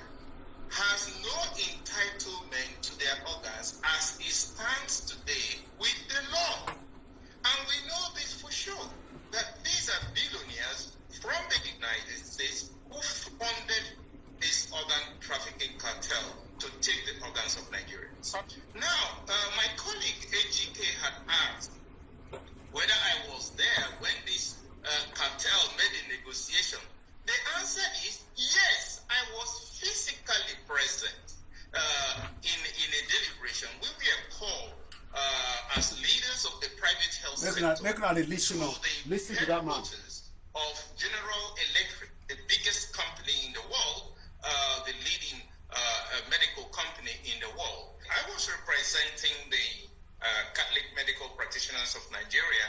has no entitlement to their organs as it stands today with the law. And we know this for sure, that these are billionaires from the United States who funded this organ trafficking cartel to take the organs of Nigerians. Now, uh, my colleague AGK had asked whether I was there when this uh, cartel made the negotiation. The answer is yes, I was physically present uh, in, in a deliberation. We were called uh, as leaders of the private health make sector. Not, make an listen, listen to that man. Of General Electric, the biggest company in the world, uh, the leading uh, uh, medical company in the world. I was representing the Catholic Medical Practitioners of Nigeria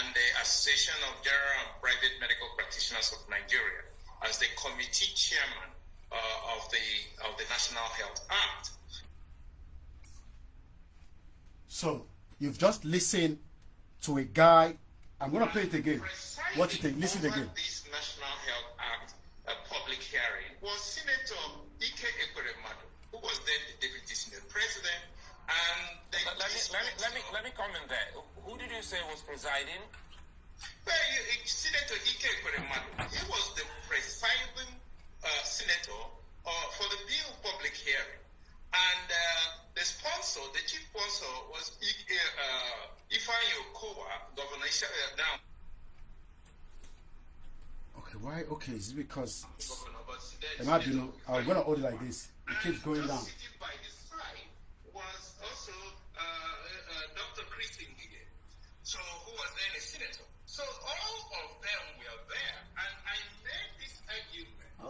and the Association of General and Private Medical Practitioners of Nigeria as the committee chairman of the of the National Health Act. So you've just listened to a guy. I'm going to play it again. Watch it again. Listen again was Senator Ike Ekweremadu, who was then the deputy senate president. And let, let, me, let, me, let, me, let me comment there. Who did you say was presiding? Well, you, Senator Ike Ekweremadu, he was the presiding uh, senator uh, for the bill public hearing. And uh, the sponsor, the chief sponsor, was Ike, uh, uh Ifanyo Kowa, governor now. Okay, why? Okay, it because. Governor I am going to hold it like this. It keeps going down. So all of them were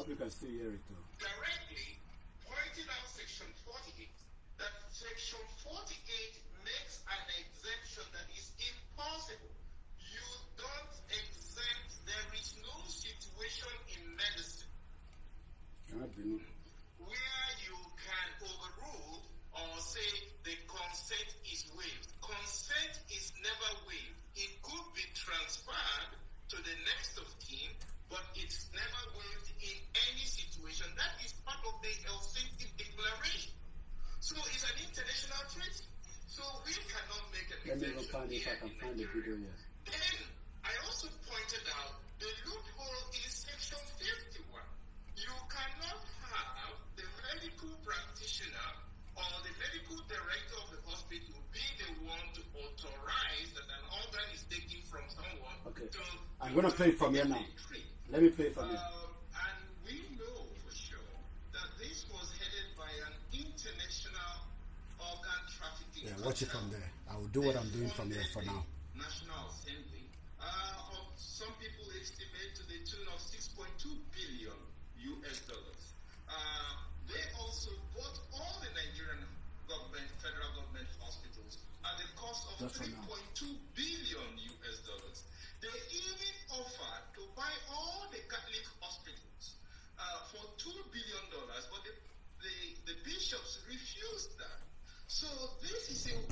you can still hear it though. Directly pointing out Section 48, that Section 48 makes an exemption that is impossible Where you can overrule or say the consent is waived. Consent is never waived. It could be transferred to the next of kin, but it's never waived in any situation. That is part of the Helsinki Declaration. So it's an international treaty. So we cannot make decision. Let me find if I can find the video yet. I'm going to play from here now. Let me play from here. Yeah, watch it from there. I will do what I'm doing from here for now. National Assembly. Uh, some people estimate to the tune of 6.2 billion US dollars. Uh, they also bought all the Nigerian government, federal government hospitals at the cost of 3.2 So this is a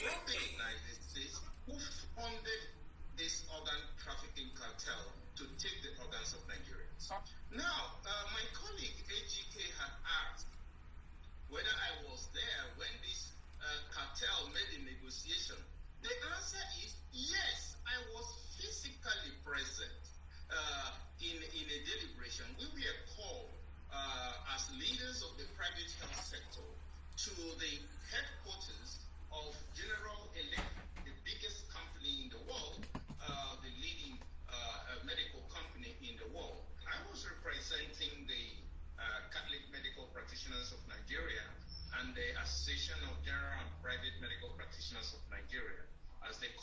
Who funded this organ trafficking cartel to take the organs of Nigerians? Now,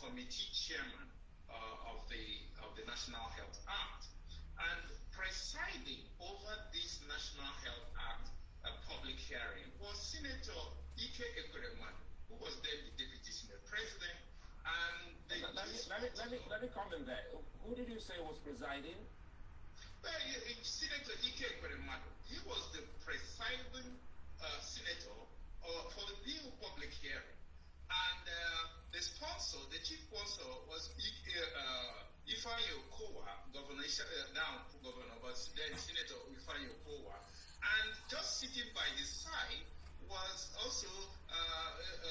committee chairman uh, of the of the National Health Act and presiding over this National Health Act uh, public hearing was Senator Ike Ekwereman, who was then the deputy senate president. And let, me, let, me, let, me, let me comment there. Who did you say was presiding? Well, Senator Ike Ekwereman, he was the presiding uh, senator uh, for the new public hearing the sponsor, the chief sponsor was uh, Ifeanyi Okowa, governor, uh, now governor, but then Senator Ifeanyi Okowa. And just sitting by his side was also uh,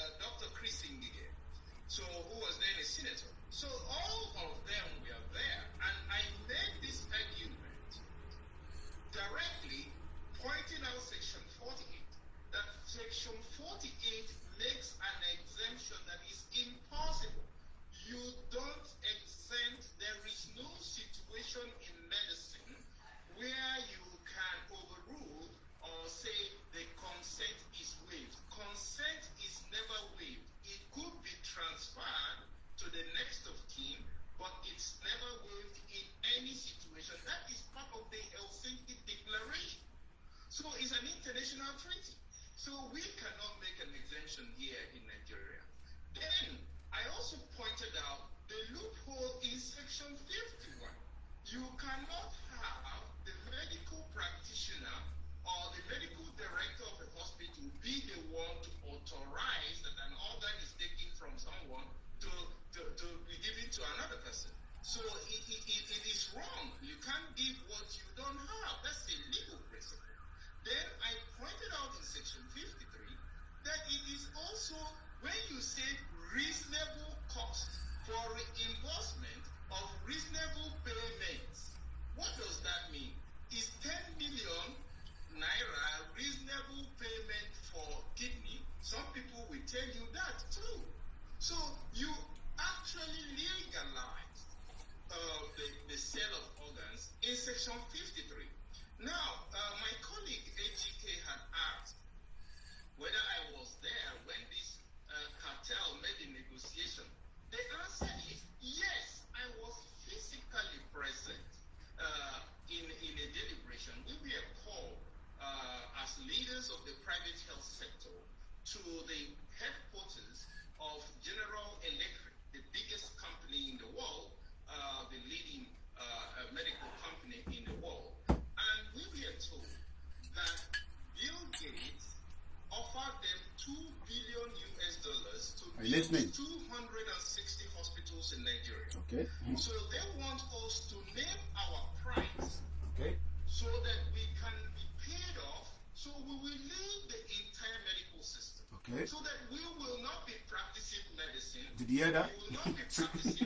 the other.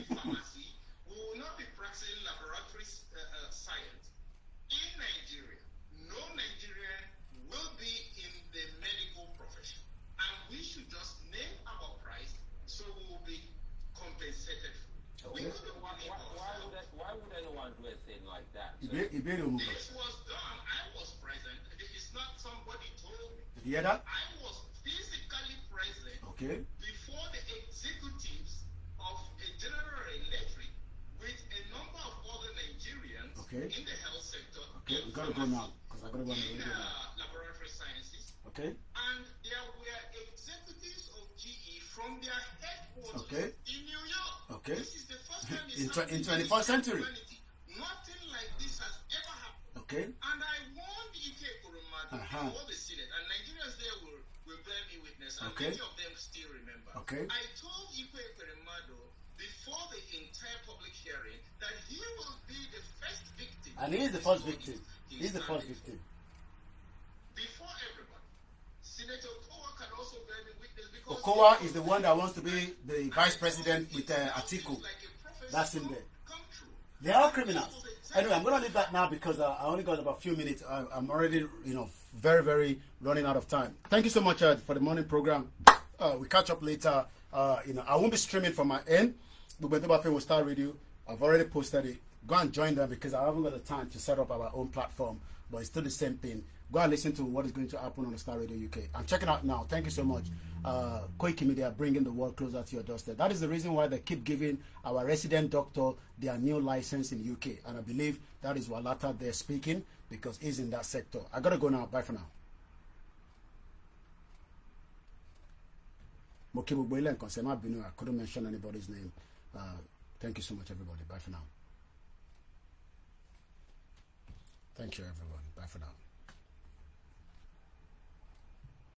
in 21st century. Nothing like this has ever happened. Okay. And I warned Ike Kurumadu uh -huh. all the Senate, and Nigerians there will, will bear me witness, and okay. many of them still remember. Okay. I told Ike Kurumadu before the entire public hearing that he will be the first victim. And he is the first victim. He is the first victim. Before everyone, Senator Okowa can also bear me witness because... Okowa is the one that wants to be the vice president with uh, Atiku. Like that's in there. They are criminals. Anyway, I'm going to leave that now because uh, I only got about a few minutes. I, am already, you know, very, very running out of time. Thank you so much uh, for the morning program. Uh, we catch up later. Uh, you know, I won't be streaming from my end. But Bafe will start radio. I've already posted it. Go and join them because I haven't got the time to set up our own platform. But it's still the same thing. Go and listen to what is going to happen on the Star Radio UK. I'm checking out now. Thank you so much uh, Koiki Media bringing the world closer to your doorstep. That is the reason why they keep giving our resident doctor their new license in UK. And I believe that is Walata they're speaking because he's in that sector. I got to go now. Bye for now. and Konsema I couldn't mention anybody's name. Uh, thank you so much, everybody. Bye for now. Thank you, everyone. Bye for now.